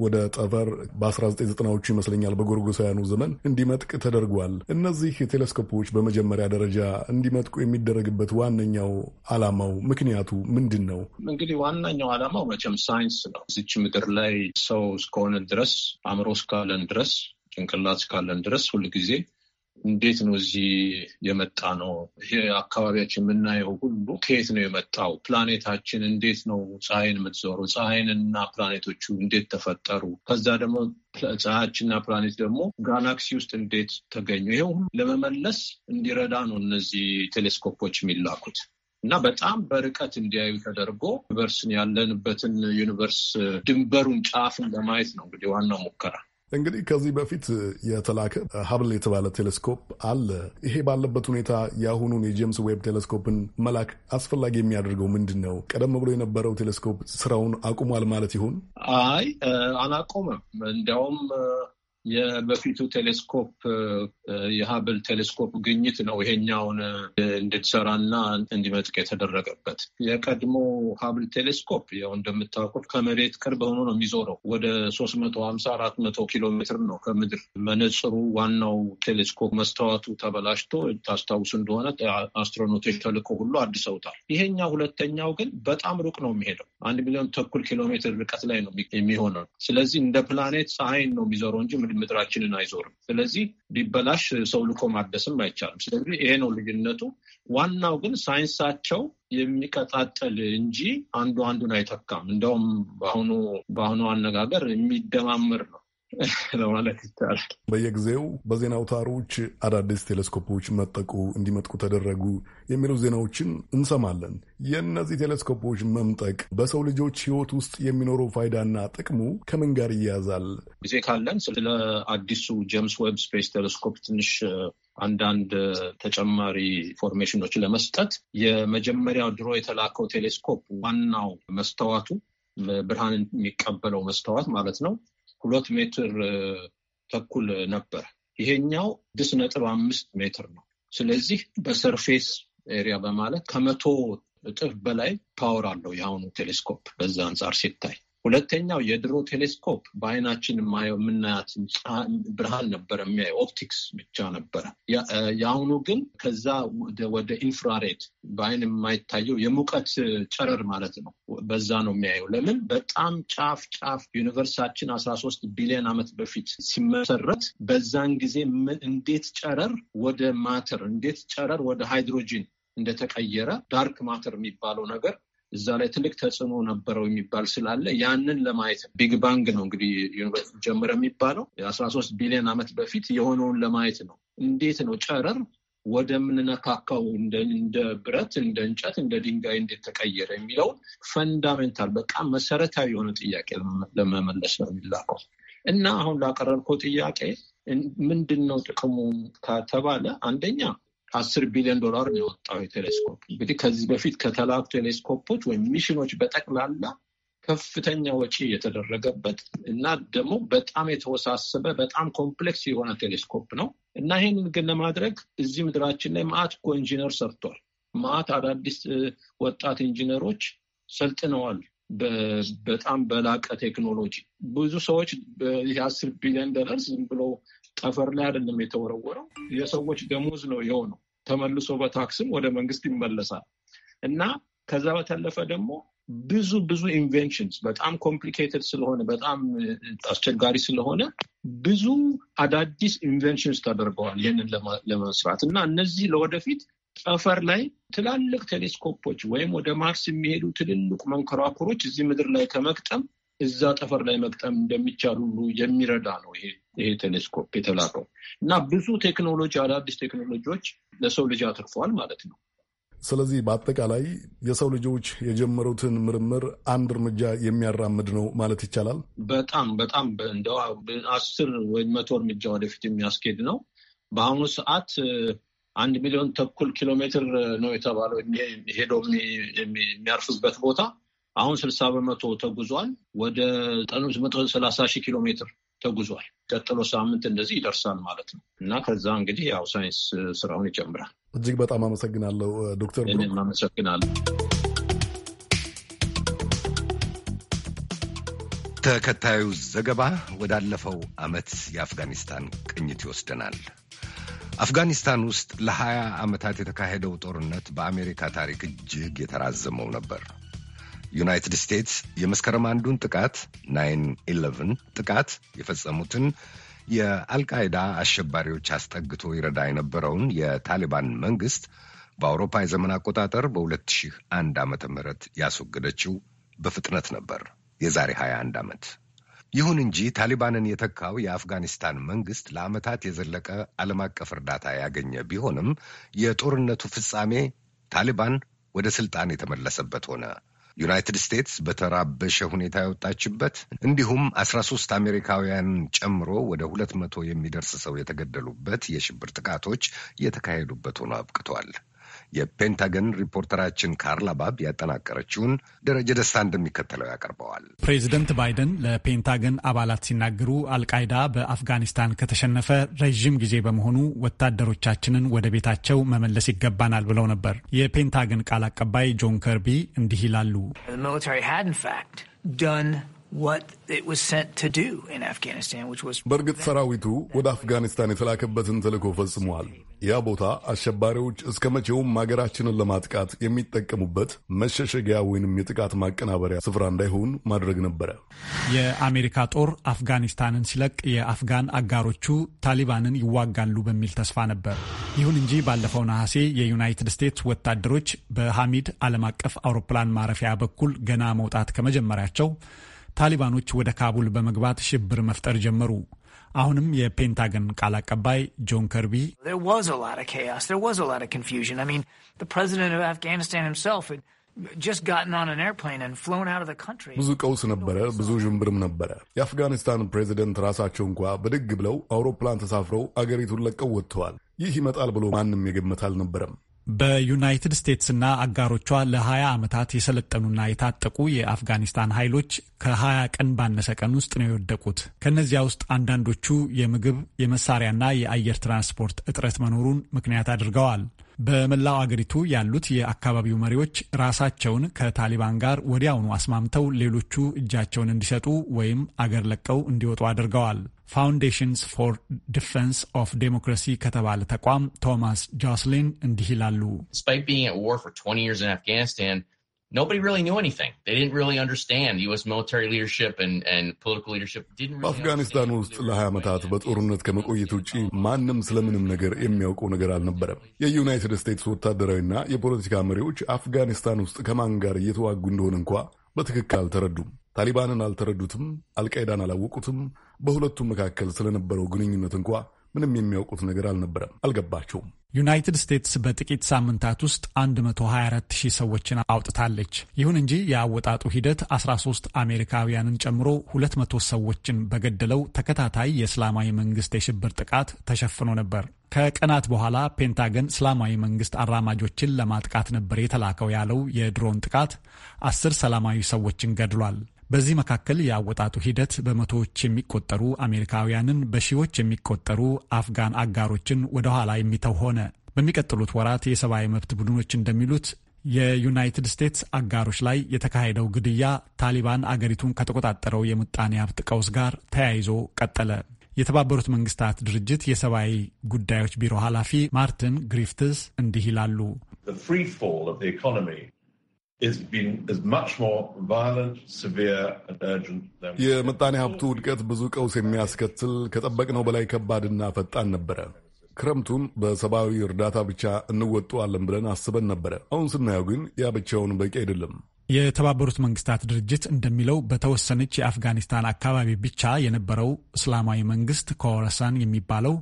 ወደ ጠፈር በ1990ዎቹ ይመስለኛል በጎርጎሳውያኑ ዘመን እንዲመጥቅ ተደርጓል። እነዚህ ቴሌስኮፖች በመጀመሪያ ደረጃ እንዲመጥቁ የሚደረግበት ዋነኛው ዓላማው ምክንያቱ ምንድን ነው? እንግዲህ ዋነኛው ዓላማው መቼም ሳይንስ ነው። እዚች ምድር ላይ ሰው እስከሆነ ድረስ አእምሮ እስካለን ድረስ ጭንቅላት እስካለን ድረስ ሁልጊዜ እንዴት ነው እዚህ የመጣ ነው? ይሄ አካባቢያችን የምናየው ሁሉ ከየት ነው የመጣው? ፕላኔታችን እንዴት ነው ፀሐይን የምትዞሩ ፀሐይንና ፕላኔቶቹ እንዴት ተፈጠሩ? ከዛ ደግሞ ፀሐያችንና ፕላኔት ደግሞ ጋላክሲ ውስጥ እንዴት ተገኙ? ይሄ ሁሉ ለመመለስ እንዲረዳ ነው እነዚህ ቴሌስኮፖች የሚላኩት እና በጣም በርቀት እንዲያዩ ተደርጎ ዩኒቨርስን ያለንበትን ዩኒቨርስ ድንበሩን ጫፍን ለማየት ነው እንግዲህ ዋናው ሙከራ እንግዲህ ከዚህ በፊት የተላከ ሀብል የተባለ ቴሌስኮፕ አለ። ይሄ ባለበት ሁኔታ የአሁኑን የጄምስ ዌብ ቴሌስኮፕን መላክ አስፈላጊ የሚያደርገው ምንድን ነው? ቀደም ብሎ የነበረው ቴሌስኮፕ ስራውን አቁሟል ማለት ይሆን? አይ አላቆመም። እንዲያውም የበፊቱ ቴሌስኮፕ የሀብል ቴሌስኮፕ ግኝት ነው ይሄኛውን እንድትሰራና እንዲመጥቅ የተደረገበት። የቀድሞ ሀብል ቴሌስኮፕ ያው እንደምታውቁት ከመሬት ቅርብ ሆኖ ነው የሚዞረው። ወደ ሶስት መቶ ሀምሳ አራት መቶ ኪሎ ሜትር ነው ከምድር መነጽሩ። ዋናው ቴሌስኮፕ መስታወቱ ተበላሽቶ ታስታውሱ እንደሆነ አስትሮኖቶች ተልቆ ሁሉ አድሰውታል። ይሄኛው ሁለተኛው ግን በጣም ሩቅ ነው የሚሄደው። አንድ ሚሊዮን ተኩል ኪሎ ሜትር ርቀት ላይ ነው የሚሆነው። ስለዚህ እንደ ፕላኔት ፀሐይን ነው የሚዞረው እንጂ ወደ ምድራችንን አይዞርም። ስለዚህ ቢበላሽ ሰው ልኮ ማደስም አይቻልም። ስለዚህ ይሄ ነው ልዩነቱ። ዋናው ግን ሳይንሳቸው የሚቀጣጠል እንጂ አንዱ አንዱን አይተካም። እንደውም በአሁኑ በአሁኑ አነጋገር የሚደማምር ነው። ለማለት ይቻላል። በየጊዜው በዜና አውታሮች አዳዲስ ቴሌስኮፖች መጠቁ እንዲመጥቁ ተደረጉ የሚሉ ዜናዎችን እንሰማለን። የእነዚህ ቴሌስኮፖች መምጠቅ በሰው ልጆች ሕይወት ውስጥ የሚኖረው ፋይዳና ጥቅሙ ከምን ጋር ይያዛል? ጊዜ ካለን ስለ አዲሱ ጄምስ ዌብ ስፔስ ቴሌስኮፕ ትንሽ አንዳንድ ተጨማሪ ኢንፎርሜሽኖች ለመስጠት የመጀመሪያው ድሮ የተላከው ቴሌስኮፕ ዋናው መስተዋቱ ብርሃን የሚቀበለው መስተዋት ማለት ነው ሁለት ሜትር ተኩል ነበር። ይሄኛው ስድስት ነጥብ አምስት ሜትር ነው። ስለዚህ በሰርፌስ ኤሪያ በማለት ከመቶ እጥፍ በላይ ፓወር አለው የአሁኑ ቴሌስኮፕ በዛ አንጻር ሲታይ ሁለተኛው የድሮ ቴሌስኮፕ በአይናችን የማየው የምናያት ብርሃን ነበረ የሚያየው ኦፕቲክስ ብቻ ነበረ። የአሁኑ ግን ከዛ ወደ ኢንፍራሬድ በአይን የማይታየው የሙቀት ጨረር ማለት ነው። በዛ ነው የሚያየው። ለምን በጣም ጫፍ ጫፍ ዩኒቨርሳችን አስራ ሶስት ቢሊዮን ዓመት በፊት ሲመሰረት በዛን ጊዜ እንዴት ጨረር ወደ ማተር እንዴት ጨረር ወደ ሃይድሮጂን እንደተቀየረ ዳርክ ማተር የሚባለው ነገር እዛ ላይ ትልቅ ተጽዕኖ ነበረው የሚባል ስላለ ያንን ለማየት ቢግ ባንግ ነው እንግዲህ ዩኒቨርሲቲ ጀምረ የሚባለው የአስራ ሶስት ቢሊዮን ዓመት በፊት የሆነውን ለማየት ነው። እንዴት ነው ጨረር ወደምንነካካው እንደ ብረት፣ እንደ እንጨት፣ እንደ ድንጋይ እንዴት ተቀየረ የሚለውን ፈንዳሜንታል በጣም መሰረታዊ የሆነ ጥያቄ ለመመለስ ነው የሚላከው እና አሁን ላቀረብከው ጥያቄ ምንድን ነው ጥቅሙ ከተባለ አንደኛ አስር ቢሊዮን ዶላር ነው የወጣው የቴሌስኮፕ። እንግዲህ ከዚህ በፊት ከተላኩ ቴሌስኮፖች ወይም ሚሽኖች በጠቅላላ ከፍተኛ ወጪ የተደረገበት እና ደግሞ በጣም የተወሳሰበ በጣም ኮምፕሌክስ የሆነ ቴሌስኮፕ ነው እና ይህንን ግን ለማድረግ እዚህ ምድራችን ላይ ማአት እኮ ኢንጂነር ሰርቷል። ማአት አዳዲስ ወጣት ኢንጂነሮች ሰልጥነዋል። በጣም በላቀ ቴክኖሎጂ ብዙ ሰዎች አስር ቢሊዮን ዶላር ዝም ብሎ ጠፈር ላይ አይደለም የተወረወረው፣ የሰዎች ደሞዝ ነው የሆነው። ተመልሶ በታክስም ወደ መንግስት ይመለሳል እና ከዛ በተለፈ ደግሞ ብዙ ብዙ ኢንቬንሽንስ በጣም ኮምፕሊኬትድ ስለሆነ በጣም አስቸጋሪ ስለሆነ ብዙ አዳዲስ ኢንቨንሽንስ ተደርገዋል ይህንን ለመስራት እና እነዚህ ለወደፊት ጠፈር ላይ ትላልቅ ቴሌስኮፖች ወይም ወደ ማርስ የሚሄዱ ትልልቅ መንኮራኩሮች እዚህ ምድር ላይ ከመግጠም እዛ ጠፈር ላይ መቅጠም እንደሚቻል ሁሉ የሚረዳ ነው ይሄ ይሄ ቴሌስኮፕ የተላከው እና ብዙ ቴክኖሎጂ አዳዲስ ቴክኖሎጂዎች ለሰው ልጅ አትርፈዋል ማለት ነው። ስለዚህ በአጠቃላይ የሰው ልጆች የጀመሩትን ምርምር አንድ እርምጃ የሚያራምድ ነው ማለት ይቻላል። በጣም በጣም እንደ አስር ወይም መቶ እርምጃ ወደፊት የሚያስኬድ ነው። በአሁኑ ሰዓት አንድ ሚሊዮን ተኩል ኪሎ ሜትር ነው የተባለው ሄዶ የሚያርፍበት ቦታ አሁን ስልሳ በመቶ ተጉዟል። ወደ መቶ ሰላሳ ሺህ ኪሎ ሜትር ተጉዟል። ቀጥሎ ሳምንት እንደዚህ ይደርሳል ማለት ነው እና ከዛ እንግዲህ ያው ሳይንስ ስራውን ይጨምራል። እጅግ በጣም አመሰግናለሁ ዶክተር አመሰግናለሁ። ተከታዩ ዘገባ ወዳለፈው ዓመት የአፍጋኒስታን ቅኝት ይወስደናል። አፍጋኒስታን ውስጥ ለሀያ ዓመታት የተካሄደው ጦርነት በአሜሪካ ታሪክ እጅግ የተራዘመው ነበር። ዩናይትድ ስቴትስ የመስከረም አንዱን ጥቃት ናይን ኢለቨን ጥቃት የፈጸሙትን የአልቃይዳ አሸባሪዎች አስጠግቶ ይረዳ የነበረውን የታሊባን መንግስት በአውሮፓ የዘመን አቆጣጠር በ2001 ዓ ም ያስወገደችው በፍጥነት ነበር፣ የዛሬ 21 ዓመት። ይሁን እንጂ ታሊባንን የተካው የአፍጋኒስታን መንግስት ለዓመታት የዘለቀ ዓለም አቀፍ እርዳታ ያገኘ ቢሆንም የጦርነቱ ፍጻሜ ታሊባን ወደ ስልጣን የተመለሰበት ሆነ። ዩናይትድ ስቴትስ በተራበሸ ሁኔታ የወጣችበት እንዲሁም አስራ ሶስት አሜሪካውያን ጨምሮ ወደ ሁለት መቶ የሚደርስ ሰው የተገደሉበት የሽብር ጥቃቶች የተካሄዱበት ሆኖ አብቅቷል። የፔንታገን ሪፖርተራችን ካርላ ባብ ያጠናቀረችውን ደረጀ ደስታ እንደሚከተለው ያቀርበዋል። ፕሬዚደንት ባይደን ለፔንታገን አባላት ሲናገሩ አልቃይዳ በአፍጋኒስታን ከተሸነፈ ረዥም ጊዜ በመሆኑ ወታደሮቻችንን ወደ ቤታቸው መመለስ ይገባናል ብለው ነበር። የፔንታገን ቃል አቀባይ ጆን ከርቢ እንዲህ ይላሉ። በእርግጥ ሰራዊቱ ወደ አፍጋኒስታን የተላከበትን ተልእኮ ፈጽሟል። ያ ቦታ አሸባሪዎች እስከ መቼውም አገራችንን ለማጥቃት የሚጠቀሙበት መሸሸጊያ ወይንም የጥቃት ማቀናበሪያ ስፍራ እንዳይሆን ማድረግ ነበረ። የአሜሪካ ጦር አፍጋኒስታንን ሲለቅ የአፍጋን አጋሮቹ ታሊባንን ይዋጋሉ በሚል ተስፋ ነበር። ይሁን እንጂ ባለፈው ነሐሴ የዩናይትድ ስቴትስ ወታደሮች በሐሚድ ዓለም አቀፍ አውሮፕላን ማረፊያ በኩል ገና መውጣት ከመጀመሪያቸው ታሊባኖች ወደ ካቡል በመግባት ሽብር መፍጠር ጀመሩ። አሁንም የፔንታገን ቃል አቀባይ ጆን ከርቢ ብዙ ቀውስ ነበረ፣ ብዙ ዥንብርም ነበረ። የአፍጋኒስታን ፕሬዚደንት ራሳቸው እንኳ ብድግ ብለው አውሮፕላን ተሳፍረው አገሪቱን ለቀው ወጥተዋል። ይህ ይመጣል ብሎ ማንም የገመት አልነበረም። በዩናይትድ ስቴትስና አጋሮቿ ለ20 ዓመታት የሰለጠኑና የታጠቁ የአፍጋኒስታን ኃይሎች ከ20 ቀን ባነሰ ቀን ውስጥ ነው የወደቁት። ከእነዚያ ውስጥ አንዳንዶቹ የምግብ የመሳሪያና የአየር ትራንስፖርት እጥረት መኖሩን ምክንያት አድርገዋል። በመላው አገሪቱ ያሉት የአካባቢው መሪዎች ራሳቸውን ከታሊባን ጋር ወዲያውኑ አስማምተው ሌሎቹ እጃቸውን እንዲሰጡ ወይም አገር ለቀው እንዲወጡ አድርገዋል። ፋውንዴሽንስ ፎር ዲፌንስ ኦፍ ዴሞክራሲ ከተባለ ተቋም ቶማስ ጆስሊን እንዲህ ይላሉ። nobody really knew anything. They didn't really understand U.S. military leadership and, and political leadership didn't really በአፍጋኒስታን ውስጥ ለ20 ዓመታት በጦርነት ከመቆየት ውጪ ማንም ስለምንም ነገር የሚያውቀው ነገር አልነበረም። የዩናይትድ ስቴትስ ወታደራዊና የፖለቲካ መሪዎች አፍጋኒስታን ውስጥ ከማን ጋር እየተዋጉ እንደሆነ እንኳ በትክክል አልተረዱም። ታሊባንን አልተረዱትም፣ አልቃይዳን አላወቁትም። በሁለቱም መካከል ስለነበረው ግንኙነት እንኳ ምንም የሚያውቁት ነገር አልነበረም፣ አልገባቸውም። ዩናይትድ ስቴትስ በጥቂት ሳምንታት ውስጥ 124 ሺህ ሰዎችን አውጥታለች። ይሁን እንጂ የአወጣጡ ሂደት 13 አሜሪካውያንን ጨምሮ 200 ሰዎችን በገደለው ተከታታይ የእስላማዊ መንግስት የሽብር ጥቃት ተሸፍኖ ነበር። ከቀናት በኋላ ፔንታገን እስላማዊ መንግስት አራማጆችን ለማጥቃት ነበር የተላከው ያለው የድሮን ጥቃት አስር ሰላማዊ ሰዎችን ገድሏል። በዚህ መካከል የአወጣጡ ሂደት በመቶዎች የሚቆጠሩ አሜሪካውያንን፣ በሺዎች የሚቆጠሩ አፍጋን አጋሮችን ወደኋላ የሚተው ሆነ። በሚቀጥሉት ወራት የሰብአዊ መብት ቡድኖች እንደሚሉት የዩናይትድ ስቴትስ አጋሮች ላይ የተካሄደው ግድያ ታሊባን አገሪቱን ከተቆጣጠረው የምጣኔ ሀብት ቀውስ ጋር ተያይዞ ቀጠለ። የተባበሩት መንግስታት ድርጅት የሰብአዊ ጉዳዮች ቢሮ ኃላፊ ማርቲን ግሪፍትስ እንዲህ ይላሉ። የምጣኔ ሀብቱ ውድቀት ብዙ ቀውስ የሚያስከትል ከጠበቅነው በላይ ከባድና ፈጣን ነበረ። ክረምቱን በሰብአዊ እርዳታ ብቻ እንወጣዋለን ብለን አስበን ነበረ። አሁን ስናየው ግን ያ ብቻውን በቂ አይደለም። የተባበሩት መንግስታት ድርጅት እንደሚለው በተወሰነች የአፍጋኒስታን አካባቢ ብቻ የነበረው እስላማዊ መንግስት ኮረሰን የሚባለው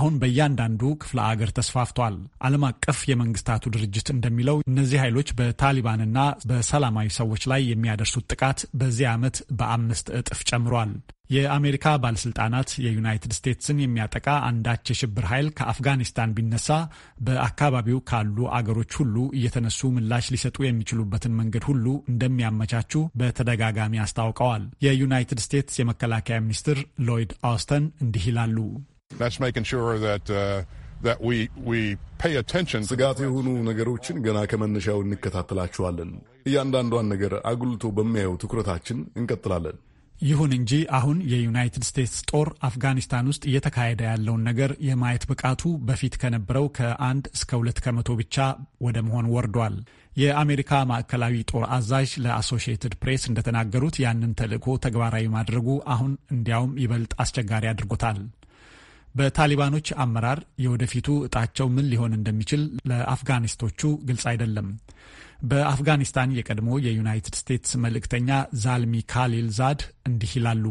አሁን በእያንዳንዱ ክፍለ አገር ተስፋፍቷል። ዓለም አቀፍ የመንግስታቱ ድርጅት እንደሚለው እነዚህ ኃይሎች በታሊባንና በሰላማዊ ሰዎች ላይ የሚያደርሱት ጥቃት በዚህ ዓመት በአምስት እጥፍ ጨምሯል። የአሜሪካ ባለስልጣናት የዩናይትድ ስቴትስን የሚያጠቃ አንዳች የሽብር ኃይል ከአፍጋኒስታን ቢነሳ በአካባቢው ካሉ አገሮች ሁሉ እየተነሱ ምላሽ ሊሰጡ የሚችሉበትን መንገድ ሁሉ እንደሚያመቻቹ በተደጋጋሚ አስታውቀዋል። የዩናይትድ ስቴትስ የመከላከያ ሚኒስትር ሎይድ አውስተን እንዲህ ይላሉ። uh, ስጋት የሆኑ ነገሮችን ገና ከመነሻው እንከታተላቸዋለን። እያንዳንዷን ነገር አጉልቶ በሚያየው ትኩረታችን እንቀጥላለን። ይሁን እንጂ አሁን የዩናይትድ ስቴትስ ጦር አፍጋኒስታን ውስጥ እየተካሄደ ያለውን ነገር የማየት ብቃቱ በፊት ከነበረው ከአንድ እስከ ሁለት ከመቶ ብቻ ወደ መሆን ወርዷል። የአሜሪካ ማዕከላዊ ጦር አዛዥ ለአሶሺየትድ ፕሬስ እንደተናገሩት ያንን ተልዕኮ ተግባራዊ ማድረጉ አሁን እንዲያውም ይበልጥ አስቸጋሪ አድርጎታል። በታሊባኖች አመራር የወደፊቱ እጣቸው ምን ሊሆን እንደሚችል ለአፍጋኒስቶቹ ግልጽ አይደለም። በአፍጋኒስታን የቀድሞ የዩናይትድ ስቴትስ መልእክተኛ ዛልሚ ካሊል ዛድ እንዲህ ይላሉ።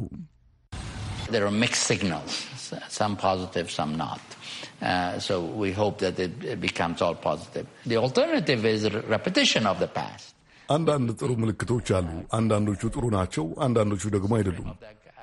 uh, አንዳንድ ጥሩ ምልክቶች አሉ። አንዳንዶቹ ጥሩ ናቸው፣ አንዳንዶቹ ደግሞ አይደሉም።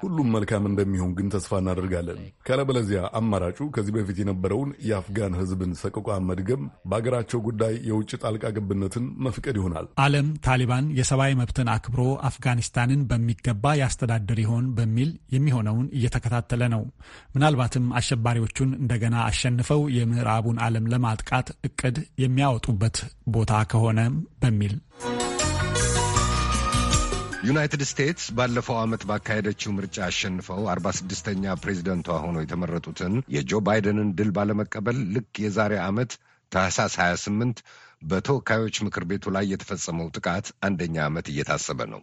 ሁሉም መልካም እንደሚሆን ግን ተስፋ እናደርጋለን። ካለበለዚያ አማራጩ ከዚህ በፊት የነበረውን የአፍጋን ህዝብን ሰቆቃ መድገም፣ በአገራቸው ጉዳይ የውጭ ጣልቃ ገብነትን መፍቀድ ይሆናል። ዓለም ታሊባን የሰብአዊ መብትን አክብሮ አፍጋኒስታንን በሚገባ ያስተዳድር ይሆን በሚል የሚሆነውን እየተከታተለ ነው። ምናልባትም አሸባሪዎቹን እንደገና አሸንፈው የምዕራቡን ዓለም ለማጥቃት እቅድ የሚያወጡበት ቦታ ከሆነም በሚል ዩናይትድ ስቴትስ ባለፈው ዓመት ባካሄደችው ምርጫ አሸንፈው አርባ ስድስተኛ ፕሬዚደንቷ ሆነው የተመረጡትን የጆ ባይደንን ድል ባለመቀበል ልክ የዛሬ ዓመት ታህሳስ 28 በተወካዮች ምክር ቤቱ ላይ የተፈጸመው ጥቃት አንደኛ ዓመት እየታሰበ ነው።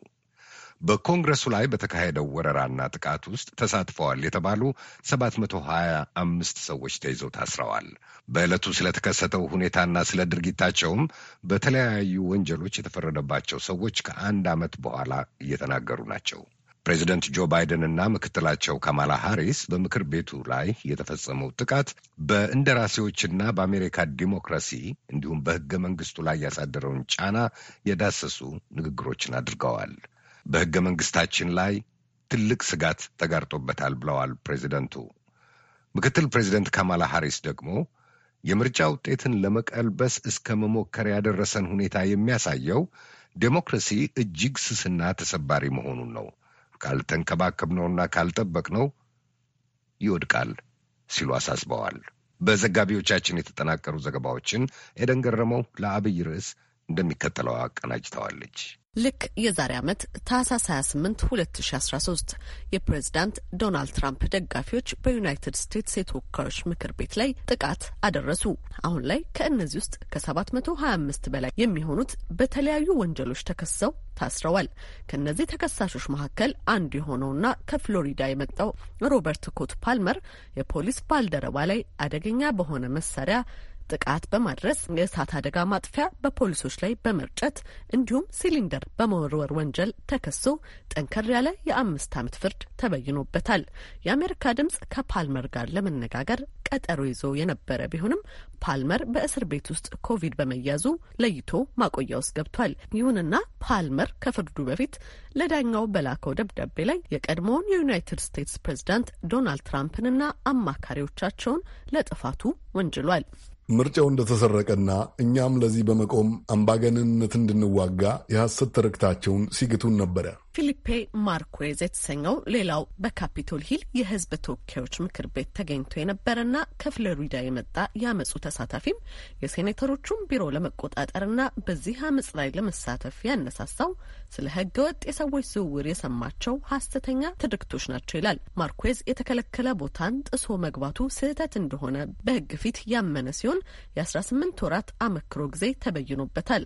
በኮንግረሱ ላይ በተካሄደው ወረራና ጥቃት ውስጥ ተሳትፈዋል የተባሉ 725 ሰዎች ተይዘው ታስረዋል። በዕለቱ ስለተከሰተው ሁኔታና ስለ ድርጊታቸውም በተለያዩ ወንጀሎች የተፈረደባቸው ሰዎች ከአንድ ዓመት በኋላ እየተናገሩ ናቸው። ፕሬዚደንት ጆ ባይደን እና ምክትላቸው ካማላ ሃሪስ በምክር ቤቱ ላይ የተፈጸመው ጥቃት በእንደራሴዎችና በአሜሪካ ዲሞክራሲ እንዲሁም በሕገ መንግስቱ ላይ ያሳደረውን ጫና የዳሰሱ ንግግሮችን አድርገዋል። በሕገ መንግሥታችን ላይ ትልቅ ስጋት ተጋርጦበታል ብለዋል ፕሬዚደንቱ። ምክትል ፕሬዚደንት ካማላ ሃሪስ ደግሞ የምርጫ ውጤትን ለመቀልበስ እስከ መሞከር ያደረሰን ሁኔታ የሚያሳየው ዴሞክራሲ እጅግ ስስና ተሰባሪ መሆኑን ነው። ካልተንከባከብነውና ካልጠበቅነው ይወድቃል ሲሉ አሳስበዋል። በዘጋቢዎቻችን የተጠናቀሩ ዘገባዎችን ኤደን ገረመው ለአብይ ርዕስ እንደሚከተለው አቀናጅተዋለች። ልክ የዛሬ ዓመት ታህሳስ 28 2013 የፕሬዝዳንት ዶናልድ ትራምፕ ደጋፊዎች በዩናይትድ ስቴትስ የተወካዮች ምክር ቤት ላይ ጥቃት አደረሱ። አሁን ላይ ከእነዚህ ውስጥ ከ725 በላይ የሚሆኑት በተለያዩ ወንጀሎች ተከሰው ታስረዋል። ከእነዚህ ተከሳሾች መካከል አንዱ የሆነውና ከፍሎሪዳ የመጣው ሮበርት ኮት ፓልመር የፖሊስ ባልደረባ ላይ አደገኛ በሆነ መሳሪያ ጥቃት በማድረስ የእሳት አደጋ ማጥፊያ በፖሊሶች ላይ በመርጨት እንዲሁም ሲሊንደር በመወርወር ወንጀል ተከሶ ጠንከር ያለ የአምስት ዓመት ፍርድ ተበይኖበታል። የአሜሪካ ድምጽ ከፓልመር ጋር ለመነጋገር ቀጠሮ ይዞ የነበረ ቢሆንም ፓልመር በእስር ቤት ውስጥ ኮቪድ በመያዙ ለይቶ ማቆያ ውስጥ ገብቷል። ይሁንና ፓልመር ከፍርዱ በፊት ለዳኛው በላከው ደብዳቤ ላይ የቀድሞውን የዩናይትድ ስቴትስ ፕሬዚዳንት ዶናልድ ትራምፕንና አማካሪዎቻቸውን ለጥፋቱ ወንጅሏል። ምርጫው እንደተሰረቀና እኛም ለዚህ በመቆም አምባገነንነት እንድንዋጋ የሐሰት ትርክታቸውን ሲግቱን ነበረ። ፊሊፔ ማርኮዝ የተሰኘው ሌላው በካፒቶል ሂል የህዝብ ተወካዮች ምክር ቤት ተገኝቶ የነበረና ከፍሎሪዳ የመጣ የአመፁ ተሳታፊም የሴኔተሮቹን ቢሮ ለመቆጣጠርና በዚህ አመፅ ላይ ለመሳተፍ ያነሳሳው ስለ ህገ ወጥ የሰዎች ዝውውር የሰማቸው ሀሰተኛ ትርክቶች ናቸው ይላል። ማርኮዝ የተከለከለ ቦታን ጥሶ መግባቱ ስህተት እንደሆነ በህግ ፊት ያመነ ሲሆን ሲሆን የ18 ወራት አመክሮ ጊዜ ተበይኖበታል።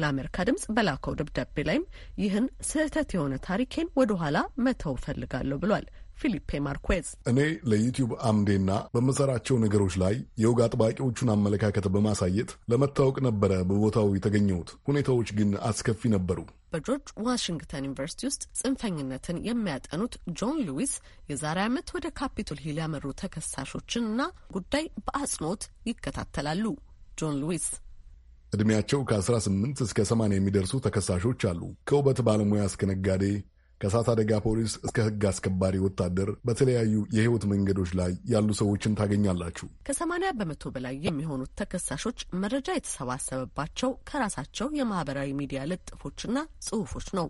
ለአሜሪካ ድምጽ በላከው ደብዳቤ ላይም ይህን ስህተት የሆነ ታሪኬን ወደኋላ መተው ፈልጋለሁ ብሏል። ፊሊፔ ማርኩዌዝ። እኔ ለዩቲዩብ አምዴና በምሰራቸው ነገሮች ላይ የወግ አጥባቂዎቹን አመለካከት በማሳየት ለመታወቅ ነበረ በቦታው የተገኘሁት። ሁኔታዎች ግን አስከፊ ነበሩ። በጆርጅ ዋሽንግተን ዩኒቨርሲቲ ውስጥ ጽንፈኝነትን የሚያጠኑት ጆን ሉዊስ የዛሬ ዓመት ወደ ካፒቶል ሂል ያመሩ ተከሳሾችንና ጉዳይ በአጽንኦት ይከታተላሉ። ጆን ሉዊስ እድሜያቸው ከ18 እስከ 80 የሚደርሱ ተከሳሾች አሉ። ከውበት ባለሙያ እስከ ነጋዴ ከእሳት አደጋ ፖሊስ እስከ ህግ አስከባሪ ወታደር በተለያዩ የህይወት መንገዶች ላይ ያሉ ሰዎችን ታገኛላችሁ። ከሰማኒያ በመቶ በላይ የሚሆኑት ተከሳሾች መረጃ የተሰባሰበባቸው ከራሳቸው የማህበራዊ ሚዲያ ልጥፎችና ጽሁፎች ነው።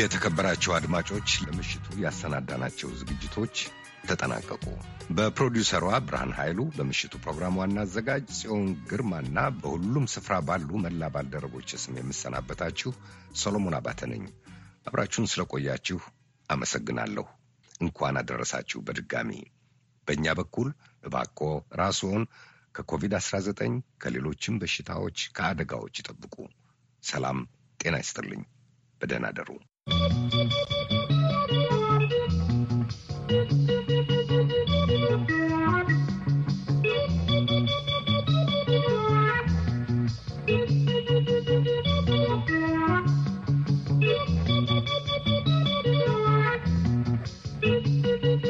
የተከበራቸው አድማጮች ለምሽቱ ያሰናዳናቸው ዝግጅቶች ተጠናቀቁ። በፕሮዲውሰሯ ብርሃን ኃይሉ፣ በምሽቱ ፕሮግራም ዋና አዘጋጅ ጽዮን ግርማና በሁሉም ስፍራ ባሉ መላ ባልደረቦች ስም የምሰናበታችሁ ሰሎሞን አባተ ነኝ። አብራችሁን ስለቆያችሁ አመሰግናለሁ። እንኳን አደረሳችሁ። በድጋሚ በእኛ በኩል እባኮ ራስዎን ከኮቪድ-19 ከሌሎችም በሽታዎች ከአደጋዎች ይጠብቁ። ሰላም ጤና ይስጥልኝ። በደህና አደሩ።